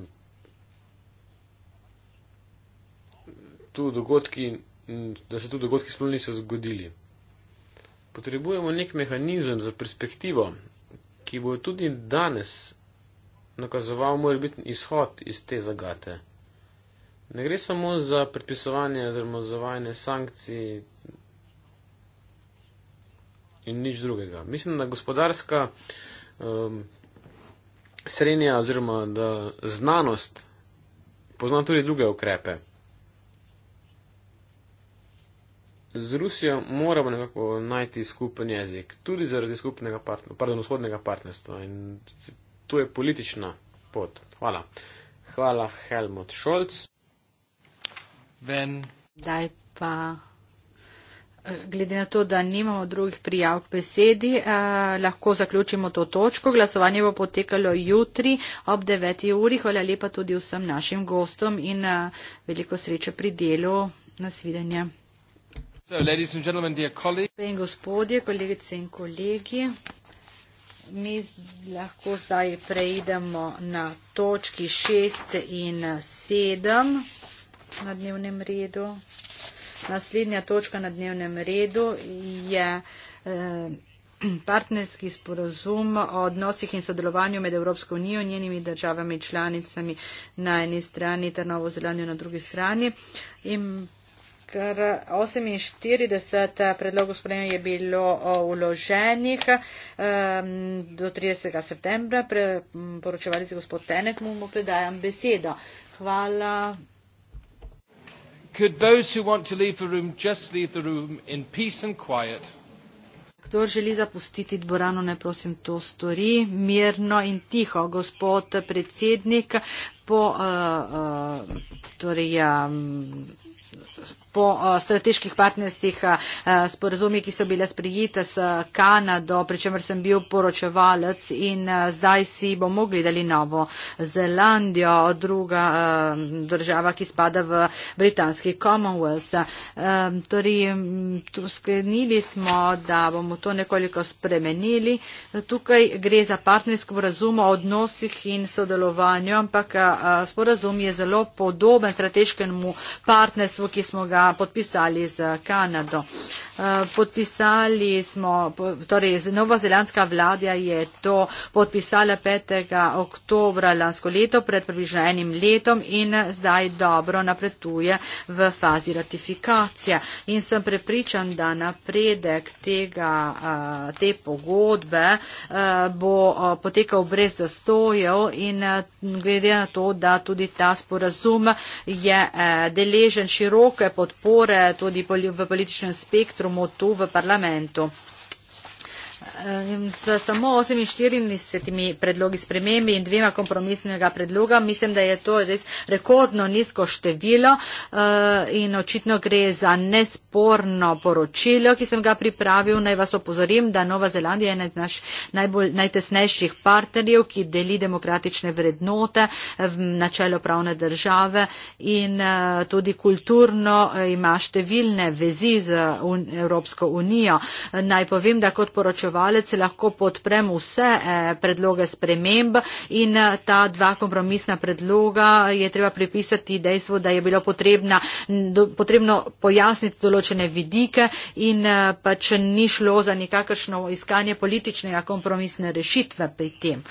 tu dogodki, da se tu dogodki sploh niso zgodili. Potrebujemo nek mehanizem za perspektivo, ki bo tudi danes nakazoval mora biti izhod iz te zagate. Ne gre samo za predpisovanje oziroma za vajanje sankcij in nič drugega. Mislim, da gospodarska um, srednja oziroma da znanost pozna tudi druge ukrepe. Z Rusijo moramo nekako najti skupen jezik, tudi zaradi skupnega partnerstva, pardon, vzhodnega partnerstva. In tu je politična pot. Hvala. Hvala, Helmut Scholz ven. Daj pa, eh, glede na to, da nimamo drugih prijav k besedi, eh, lahko zaključimo to točko. Glasovanje bo potekalo jutri ob 9. uri. Hvala lepa tudi vsem našim gostom in eh, veliko sreče pri delu. Nasvidenje. Gospe in gospodje, kolegice in kolegi, mi lahko zdaj preidemo na točki 6 in 7 na dnevnem redu. Naslednja točka na dnevnem redu je eh, [clears throat] partnerski sporozum o odnosih in sodelovanju med Evropsko unijo in njenimi državami članicami na eni strani ter Novo Zelandijo na drugi strani. In kar 48 eh, predlogov sprejema je bilo uloženih eh, do 30. septembra. Poročevali se gospod Tenek, mu predajam besedo. Hvala. Could those who want to leave the room just leave the room in peace and quiet? Kdor želi zapustiti dvorano, ne prosim, to stori mirno in tiho. Gospod predsednik, po uh, uh, torej, um, po eh, strateških partnerstvih eh, eh, sporazumi, ki so bile sprijete s Kanado, pri čemer sem bil poročevalec in zdaj si bomo mogli dali novo Zelandijo, druga država, ki spada v britanski Commonwealth. Torej, tu sklenili smo, da bomo to nekoliko spremenili. Tukaj gre za partnersko razum o odnosih in sodelovanju, ampak sporazum je zelo podoben strateškemu partnerstvu, ki smo ga podpisali z Kanado. Eh, podpisali smo, torej novozelandska vlada je to podpisala 5. oktobra lansko leto pred približno enim letom in zdaj dobro napreduje v fazi ratifikacije. In sem prepričan, da napredek tega, eh, te pogodbe eh, bo potekal brez zastojev in glede na to, da tudi ta sporazum je deležen široke podpore tudi v političnem spektru, elettromotore in Parlamento. Z samo 48 predlogi spremembi in dvema kompromisnega predloga mislim, da je to res rekordno nizko število eh, in očitno gre za nesporno poročilo, ki sem ga pripravil. Naj vas opozorim, da Nova Zelandija je ena najbolj najtesnejših partnerjev, ki deli demokratične vrednote v načelo pravne države in eh, tudi kulturno eh, ima številne vezi z Evropsko unijo. Naj povem, da kot poročevalec poročevalec lahko podprem vse eh, predloge sprememb in eh, ta dva kompromisna predloga je treba pripisati dejstvo, da je bilo potrebna, do, potrebno pojasniti določene vidike in eh, pač ni šlo za nekakšno iskanje političnega kompromisne rešitve pri tem.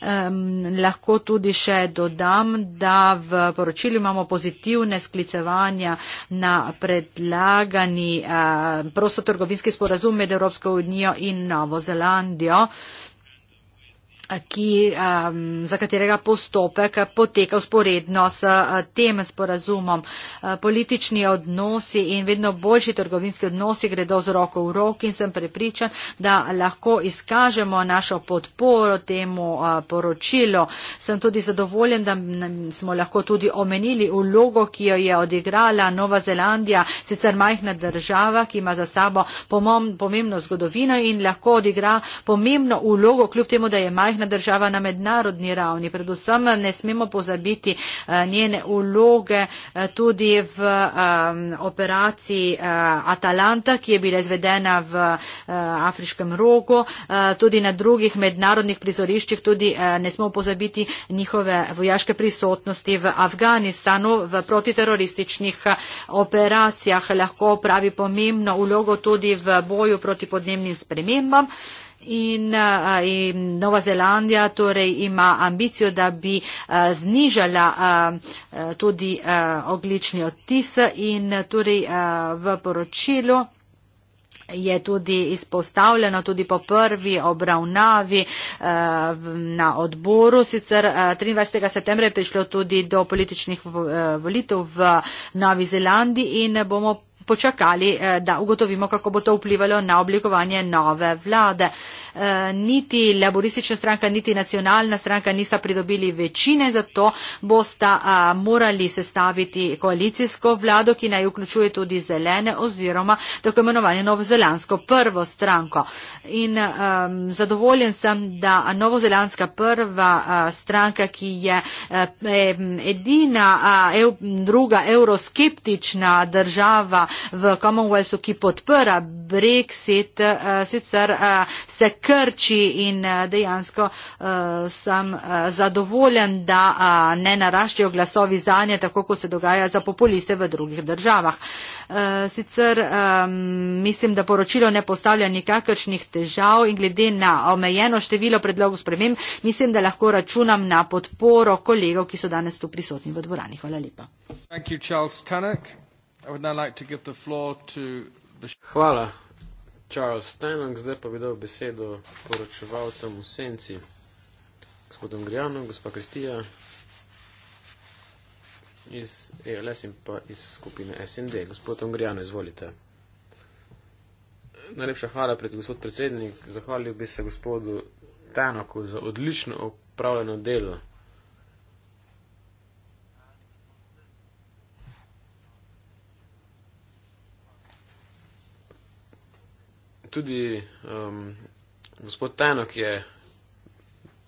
Um, lahko tudi še dodam, da v poročilju imamo pozitivne sklicevanja na predlagani uh, prostotrgovinski sporazum med Evropsko unijo in novo. Novo Zelandijo ki, um, za katerega postopek poteka usporedno s uh, tem sporazumom. Uh, politični odnosi in vedno boljši trgovinski odnosi gredo z roko v roki in sem prepričan, da lahko izkažemo našo podporo temu uh, poročilu. Sem tudi zadovoljen, da smo lahko tudi omenili ulogo, ki jo je odigrala Nova Zelandija, sicer majhna država, ki ima za sabo pomembno zgodovino in lahko odigra pomembno ulogo, kljub temu, da je majhna pomembna država na mednarodni ravni. Predvsem ne smemo pozabiti eh, njene uloge eh, tudi v eh, operaciji Atalanta, ki je bila izvedena v Afriškem rogu, tudi na drugih mednarodnih prizoriščih, tudi ne smemo pozabiti njihove vojaške prisotnosti v Afganistanu, v protiterorističnih operacijah, lahko pravi pomembno ulogo tudi v boju proti podnebnim spremembam. In, in Nova Zelandija torej ima ambicijo, da bi znižala tudi oglični odtis in torej v poročilu je tudi izpostavljeno tudi po prvi obravnavi na odboru. Sicer 23. septembra je prišlo tudi do političnih volitev v Novi Zelandiji in bomo počakali, eh, da ugotovimo, kako bo to vplivalo na oblikovanje nove vlade. Eh, niti laboristična stranka, niti nacionalna stranka nista pridobili večine, zato bosta eh, morali sestaviti koalicijsko vlado, ki naj vključuje tudi zelene oziroma tako imenovanje novozelansko prvo stranko. In ehm, zadovoljen sem, da novozelanska prva stranka, ki je edina druga evroskeptična država, v Commonwealthu, ki podpira Brexit, eh, sicer eh, se krči in eh, dejansko sem zadovoljen, da ne naraščajo glasovi zanje, tako kot se dogaja za populiste v drugih državah. Sicer mislim, da poročilo ne postavlja nikakršnih težav in glede na omejeno število predlogov sprememb, mislim, da lahko računam na podporo kolegov, ki so danes tu prisotni v dvorani. Hvala lepa. Thank you, Charles Tanak. Hvala, Charles Steinbeck. Zdaj pa bi dal besedo poročevalcem v senci, gospodom Grijanom, gospa Kristija iz ELS in pa iz skupine SND. Gospodom Grijanom, izvolite. Najlepša hvala, pred, gospod predsednik. Zahvalil bi se gospodu Tanoku za odlično opravljeno delo. tudi um, gospod Tajno, ki je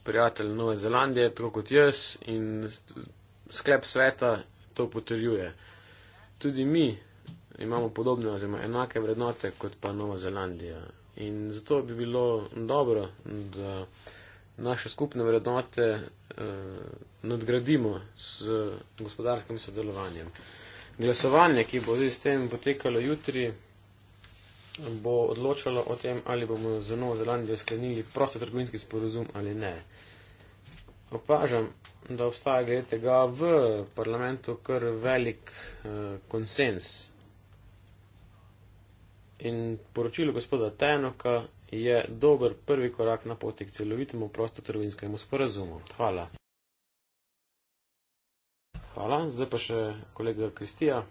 prijatelj Nove Zelandije, tako kot jaz in sklep sveta to potrjuje. Tudi mi imamo podobne oziroma enake vrednote kot pa Nova Zelandija. In zato bi bilo dobro, da naše skupne vrednote eh, nadgradimo s gospodarskim sodelovanjem. Glasovanje, ki bo z tem potekalo jutri, bo odločalo o tem, ali bomo z Novo Zelandijo sklenili prosto trgovinski sporozum ali ne. Opažam, da obstaja glede tega v parlamentu kar velik eh, konsens. In poročilo gospoda Tenoka je dober prvi korak na poti k celovitemu prosto trgovinskemu sporozumu. Hvala. Hvala, zdaj pa še kolega Kristija.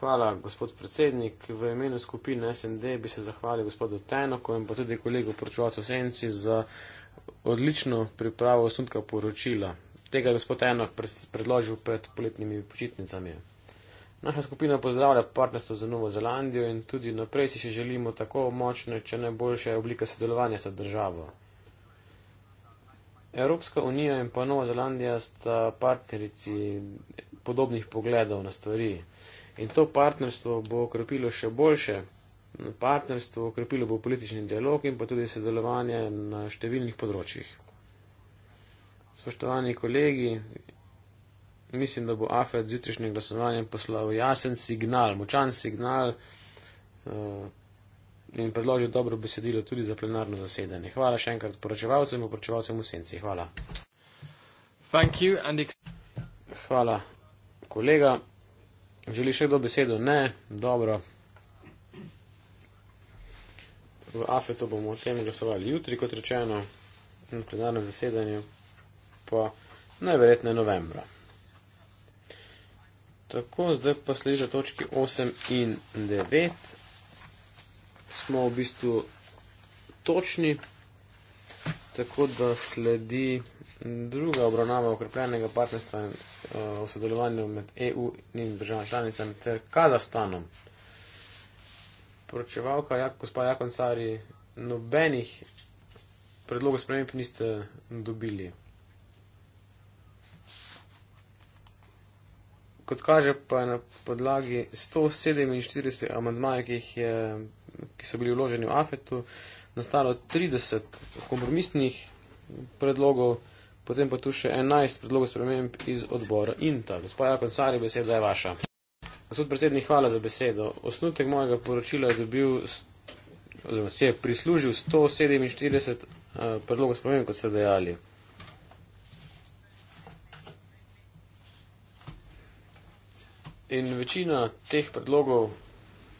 Hvala, gospod predsednik. V imenu skupine SND bi se zahvalil gospodu Tenoku in pa tudi kolegu poročevalcu Senci za odlično pripravo osnutka poročila. Tega je gospod Tenok predložil pred poletnimi počitnicami. Naša skupina pozdravlja partnerstvo za Novo Zelandijo in tudi naprej si še želimo tako močne, če ne boljše oblike sodelovanja s državo. Evropska unija in pa Nova Zelandija sta partnerici podobnih pogledov na stvari. In to partnerstvo bo okrepilo še boljše. Partnerstvo okrepilo bo politični dialog in pa tudi sodelovanje na številnih področjih. Spoštovani kolegi, mislim, da bo AFED zjutrišnje glasovanje poslal jasen signal, močan signal eh, in predložil dobro besedilo tudi za plenarno zasedanje. Hvala še enkrat poročevalcem in poročevalcem v senci. Hvala. Hvala, kolega. Želi še kdo besedo? Ne, dobro. V Afetu bomo o tem glasovali jutri, kot rečeno, na plenarnem zasedanju, pa najverjetneje novembra. Tako, zdaj pa sledi za točki 8 in 9. Smo v bistvu točni. Tako da sledi druga obravnava okrepljenega partnerstva in uh, eh, sodelovanja med EU in državami članicami ter Kazahstanom. Poročevalka, gospa Jakoncari, nobenih predlogov sprememb niste dobili. Kot kaže, pa je na podlagi 147 amandmajev, ki, ki so bili vloženi v AFET-u, nastalo 30 kompromisnih predlogov, potem pa tu še 11 predlogov sprememb iz odbora INTA. Gospod Jakob Sari, beseda je vaša. Gospod predsednik, hvala za besedo. Osnutek mojega poročila je dobil, oziroma si je prislužil 147 eh, predlogov sprememb, kot ste dejali. In večina teh predlogov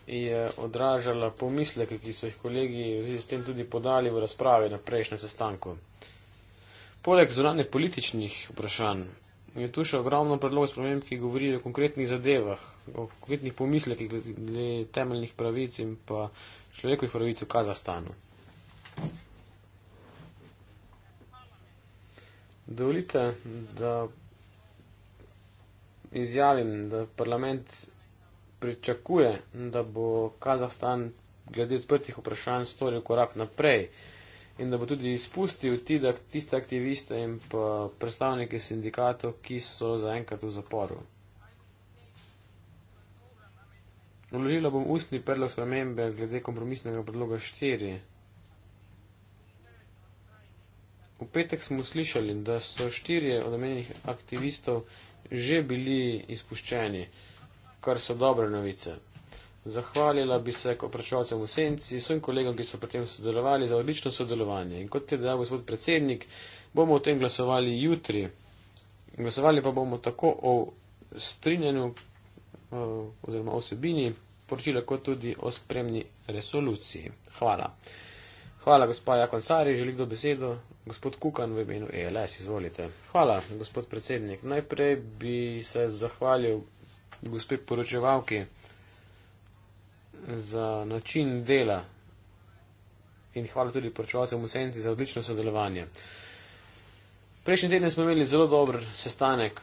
je odražala pomisleke, ki so jih kolegi s tem tudi podali v razpravi na prejšnjem sestanku. Poleg zunanje političnih vprašanj je tu še ogromno predlogov sprememb, ki govorijo o konkretnih zadevah, o konkretnih pomislekih glede temeljnih pravic in pa človekovih pravic v Kazahstanu. Dovolite, da izjavim, da parlament pričakuje, da bo Kazahstan glede odprtih vprašanj storil korak naprej in da bo tudi izpustil tiste aktiviste in pa predstavnike sindikatov, ki so zaenkrat v zaporu. Vložila bom ustni predlog spremembe glede kompromisnega predloga 4. V petek smo slišali, da so štirje od omenjenih aktivistov že bili izpuščeni kar so dobre novice. Zahvalila bi se opračovalcem v senci, svojim kolegom, ki so pri tem sodelovali, za odlično sodelovanje. In kot je dejal gospod predsednik, bomo o tem glasovali jutri. Glasovali pa bomo tako o strinjanju eh, oziroma osebini poročila, kot tudi o spremni resoluciji. Hvala. Hvala, gospod Jakon Sari, želi kdo besedo? Gospod Kukan v imenu ELS, izvolite. Hvala, gospod predsednik. Najprej bi se zahvalil gospe poročevalki za način dela in hvala tudi poročevalcem v senci za odlično sodelovanje. Prejšnji teden smo imeli zelo dober sestanek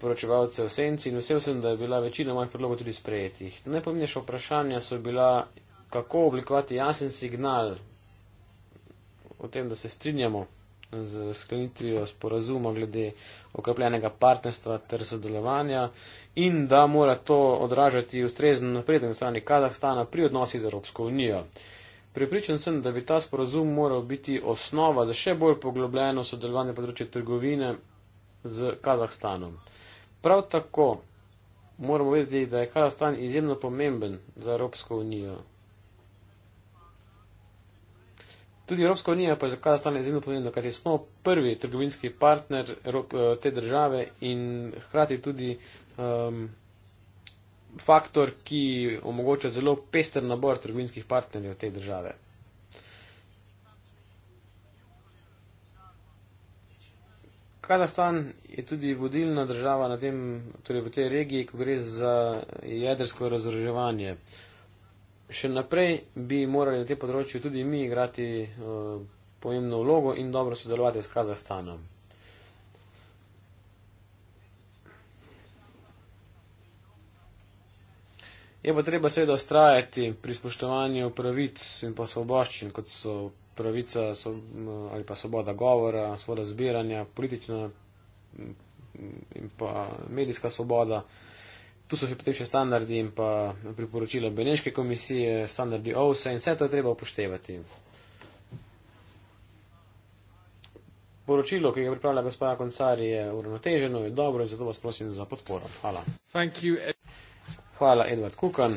poročevalcev v senci in vesel sem, da je bila večina mojih predlogov tudi sprejetih. Najpomembnejša vprašanja so bila, kako oblikovati jasen signal o tem, da se strinjamo z sklenitvijo sporazuma glede okrepljenega partnerstva ter sodelovanja in da mora to odražati ustrezen napredek na strani Kazahstana pri odnosih z Evropsko unijo. Pripričan sem, da bi ta sporazum moral biti osnova za še bolj poglobljeno sodelovanje področje trgovine z Kazahstanom. Prav tako moramo vedeti, da je Kazahstan izjemno pomemben za Evropsko unijo. Tudi Evropska unija pa je za Kazahstan izjemno pomembna, ker smo prvi trgovinski partner eh, te države in hkrati tudi um, faktor, ki omogoča zelo pester nabor trgovinskih partnerjev te države. Kazahstan je tudi vodilna država tem, torej v tej regiji, ko gre za jedrsko razroževanje. Uh, še naprej bi morali na tem področju tudi mi igrati eh, pomembno vlogo in dobro sodelovati s Kazahstanom. Je pa treba seveda ustrajati pri spoštovanju pravic in pa svoboščin, kot so pravica eh, ali pa svoboda govora, svoboda zbiranja, politična mm, in pa medijska svoboda. Tu so še potem še standardi in pa priporočila Beneške komisije, standardi OVSE in vse to je treba upoštevati. Poročilo, ki ga pripravlja gospoda Koncari, je uravnoteženo, je dobro in zato vas prosim za podporo. Hvala. You, Ed Hvala, Edward Kukan.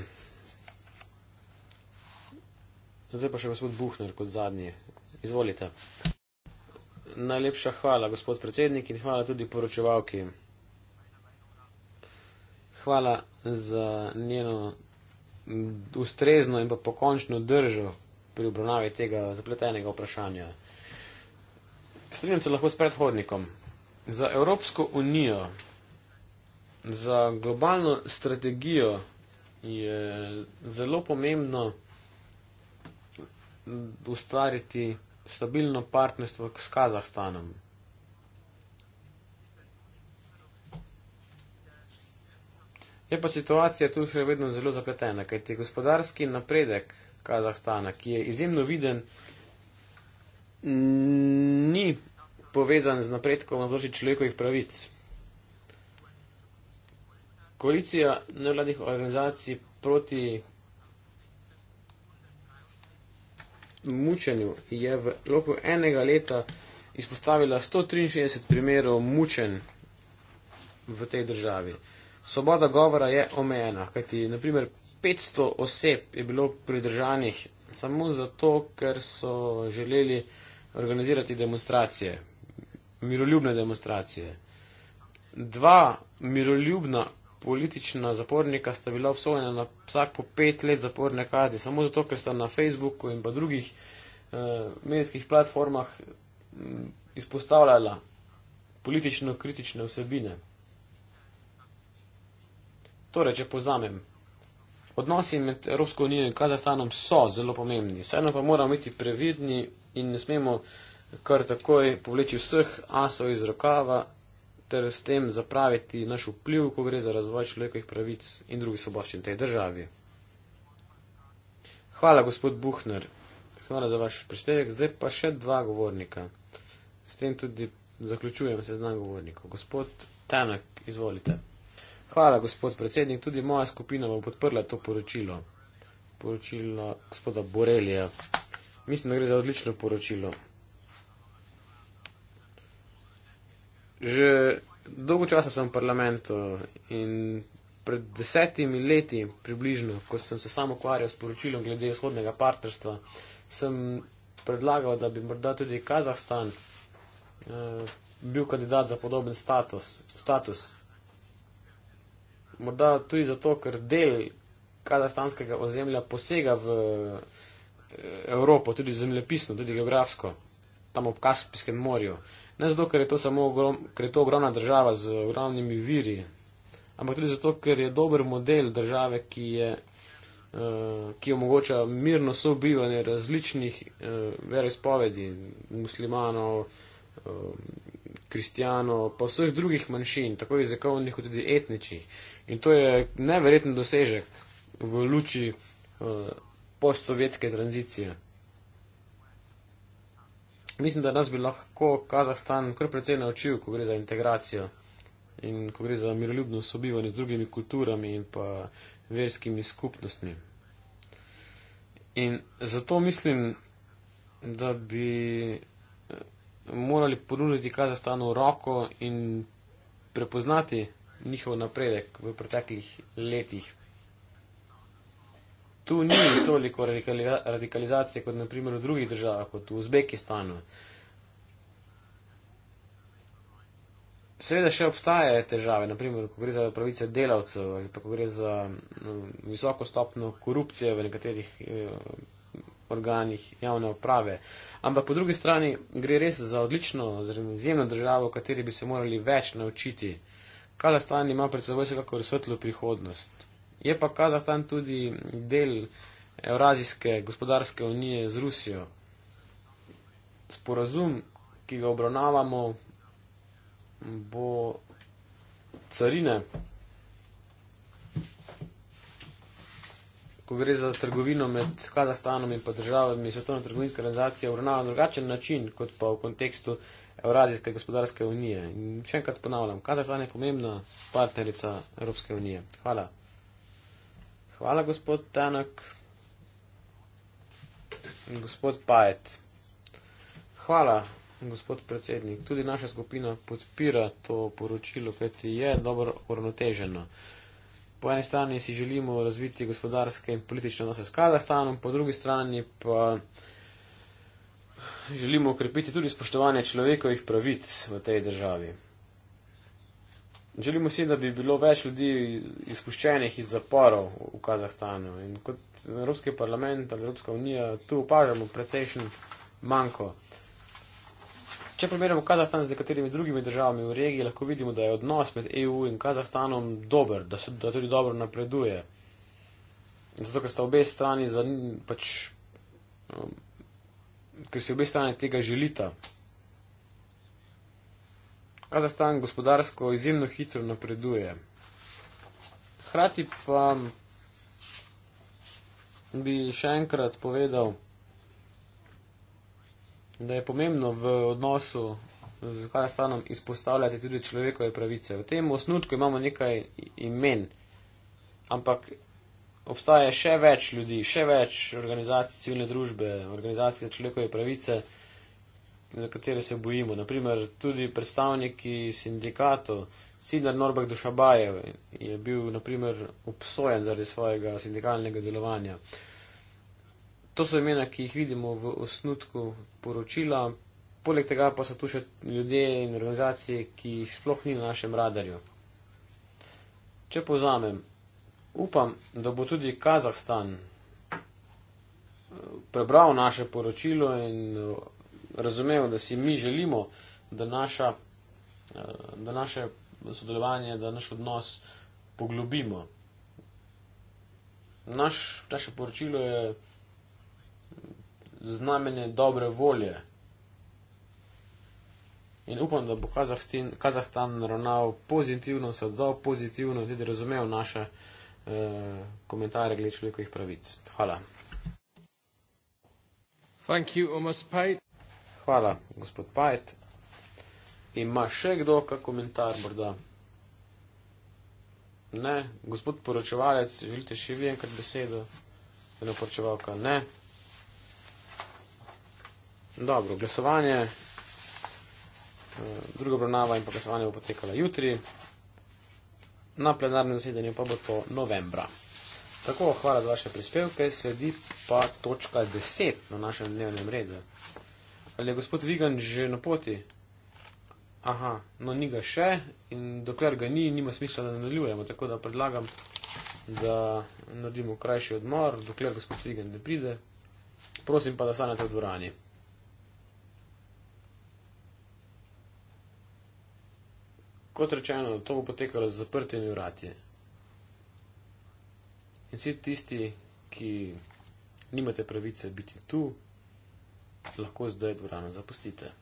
Zdaj pa še gospod Buhner kot zadnji. Izvolite. Najlepša hvala, gospod predsednik, in hvala tudi poročevalki hvala za njeno ustrezno in pa pokončno držo pri obravnavi tega zapletenega vprašanja. Strinjam se lahko s predhodnikom. Za Evropsko unijo, za globalno strategijo je zelo pomembno ustvariti stabilno partnerstvo s Kazahstanom. Je pa situacija tu še vedno zelo zapletena, kajti gospodarski napredek Kazahstana, ki je izjemno viden, ni povezan z napredkom na področju človekovih pravic. Koalicija nevladnih organizacij proti mučenju je v roku enega leta izpostavila 163 primerov mučenj v tej državi svoboda govora je omejena, kajti naprimer 500 oseb je bilo pridržanih samo zato, ker so želeli organizirati demonstracije, miroljubne demonstracije. Dva miroljubna politična zapornika sta bila obsojena na vsak po pet let zaporne kazni, samo zato, ker sta na Facebooku in pa drugih eh, medijskih platformah mm, izpostavljala politično kritične vsebine. Torej, če povzamem, odnosi med Evropsko unijo in Kazahstanom so zelo pomembni. Vseeno pa moramo biti previdni in ne smemo kar takoj povleči vseh asov iz rokava ter s tem zapraviti naš vpliv, ko gre za razvoj človekovih pravic in drugih soboščin tej državi. Hvala, gospod Buhner. Hvala za vaš prispevek. Zdaj pa še dva govornika. S tem tudi zaključujem seznam govornikov. Gospod Tanak, izvolite. Hvala, gospod predsednik. Tudi moja skupina bo podprla to poročilo. Poročilo gospoda Borelija. Mislim, da gre za odlično poročilo. Že dolgo časa sem v parlamentu in pred desetimi leti, približno, ko sem se sam ukvarjal s poročilom glede vzhodnega partnerstva, sem predlagal, da bi morda tudi Kazahstan eh, bil kandidat za podoben status. status morda tudi zato, ker del kazahstanskega ozemlja posega v eh, Evropo, tudi zemljepisno, tudi geografsko, tam ob Kaspijskem morju. Ne zato, ker je to samo ogrom, ker je to ogromna država z ogromnimi viri, ampak tudi zato, ker je dober model države, ki je. Eh, ki omogoča mirno sobivanje različnih eh, veroizpovedi, muslimanov, eh, kristijanov, pa vseh drugih manjšin, tako jezikovnih kot tudi etničnih. In to je neverjeten dosežek v luči uh, postsovjetske tranzicije. Mislim, da nas bi lahko Kazahstan kar precej naučil, ko gre za integracijo in ko gre za miroljubno sobivanje z drugimi kulturami in pa verskimi skupnostmi. In zato mislim, da bi morali ponuditi Kazahstanu roko in prepoznati njihov napredek v preteklih letih. Tu ni toliko radikalizacije kot naprimer v drugih državah, kot v Uzbekistanu. Seveda še obstajajo težave, naprimer, ko gre za pravice delavcev ali pa ko gre za no, visoko stopno korupcije v nekaterih eh, organih javne uprave. Ampak po drugi strani gre res za odlično, zelo izjemno državo, v kateri bi se morali več naučiti. Kazahstan ima pred seboj vsekakor svetlo prihodnost. Je pa Kazahstan tudi del Eurazijske gospodarske unije z Rusijo. Sporazum, ki ga obravnavamo, bo carine ko gre za trgovino med Kazahstanom in pa državami Svetovne trgovinske organizacije, urnava na drugačen način, kot pa v kontekstu Eurazijske gospodarske unije. In še enkrat ponavljam, Kazahstan je pomembna partnerica Evropske unije. Hvala. Hvala, gospod Tanak. Gospod Pajet. Hvala, gospod predsednik. Tudi naša skupina podpira to poročilo, kajti je dobro uravnoteženo po eni strani si želimo razviti gospodarske in politične odnose s Kazahstanom, po drugi strani pa želimo okrepiti tudi spoštovanje človekovih pravic v tej državi. Želimo si, da bi bilo več ljudi izpuščenih iz zaporov v Kazahstanu in kot Evropski parlament ali Evropska unija tu opažamo precejšen manjko. Uh, Če primerjamo Kazahstan z nekaterimi drugimi državami v regiji, lahko vidimo, da je odnos med EU in Kazahstanom dober, da se da tudi dobro napreduje. Zato, ker sta obe strani za, pač, um, ker se obe strani tega želita. Kazahstan gospodarsko izjemno hitro napreduje. Hrati pa bi še enkrat povedal, da je pomembno v odnosu z Kazahstanom izpostavljati tudi človekove pravice. V tem osnutku imamo nekaj imen, ampak obstaja še več ljudi, še več organizacij civilne družbe, organizacij za človekove pravice, za katere se bojimo. Naprimer, tudi predstavniki sindikatov, Sidar Norbek Dušabajev je bil naprimer obsojen zaradi svojega sindikalnega delovanja to so imena, ki jih vidimo v osnutku poročila, poleg tega pa so tu še ljudje in organizacije, ki jih sploh ni na našem radarju. Če povzamem, upam, da bo tudi Kazahstan eh, prebral naše poročilo in eh, razumev, da si mi želimo, da, naša, eh, da naše sodelovanje, da naš odnos poglobimo. Naš, naše poročilo je znamenje dobre volje. In upam, da bo Kazahstin, Kazahstan ravnal pozitivno, se odzval pozitivno in tudi razumev naše eh, komentarje glede človekovih pravic. Hvala. Hvala, gospod Pajt. Ima še kdo kak komentar morda? Ne, gospod poročevalec, želite še vi enkrat besedo? Ne, poročevalka, ne. Dobro, glasovanje, eh, druga obravnava in pa glasovanje bo potekalo jutri, na plenarnem zasedanju pa bo to novembra. Tako, hvala za vaše prispevke, sledi pa točka 10 na našem dnevnem redu. Ali je gospod Vigan že na poti? Aha, no ni ga še in dokler ga ni, nima smisla, da nadaljujemo. Tako da predlagam, da naredimo krajši odmor, dokler gospod Vigan ne pride. Prosim pa, da stanete v dvorani. kot rečeno, to bo potekalo z zaprtimi vrati. In vsi tisti, ki nimate pravice biti tu, lahko zdaj dvorano zapustite.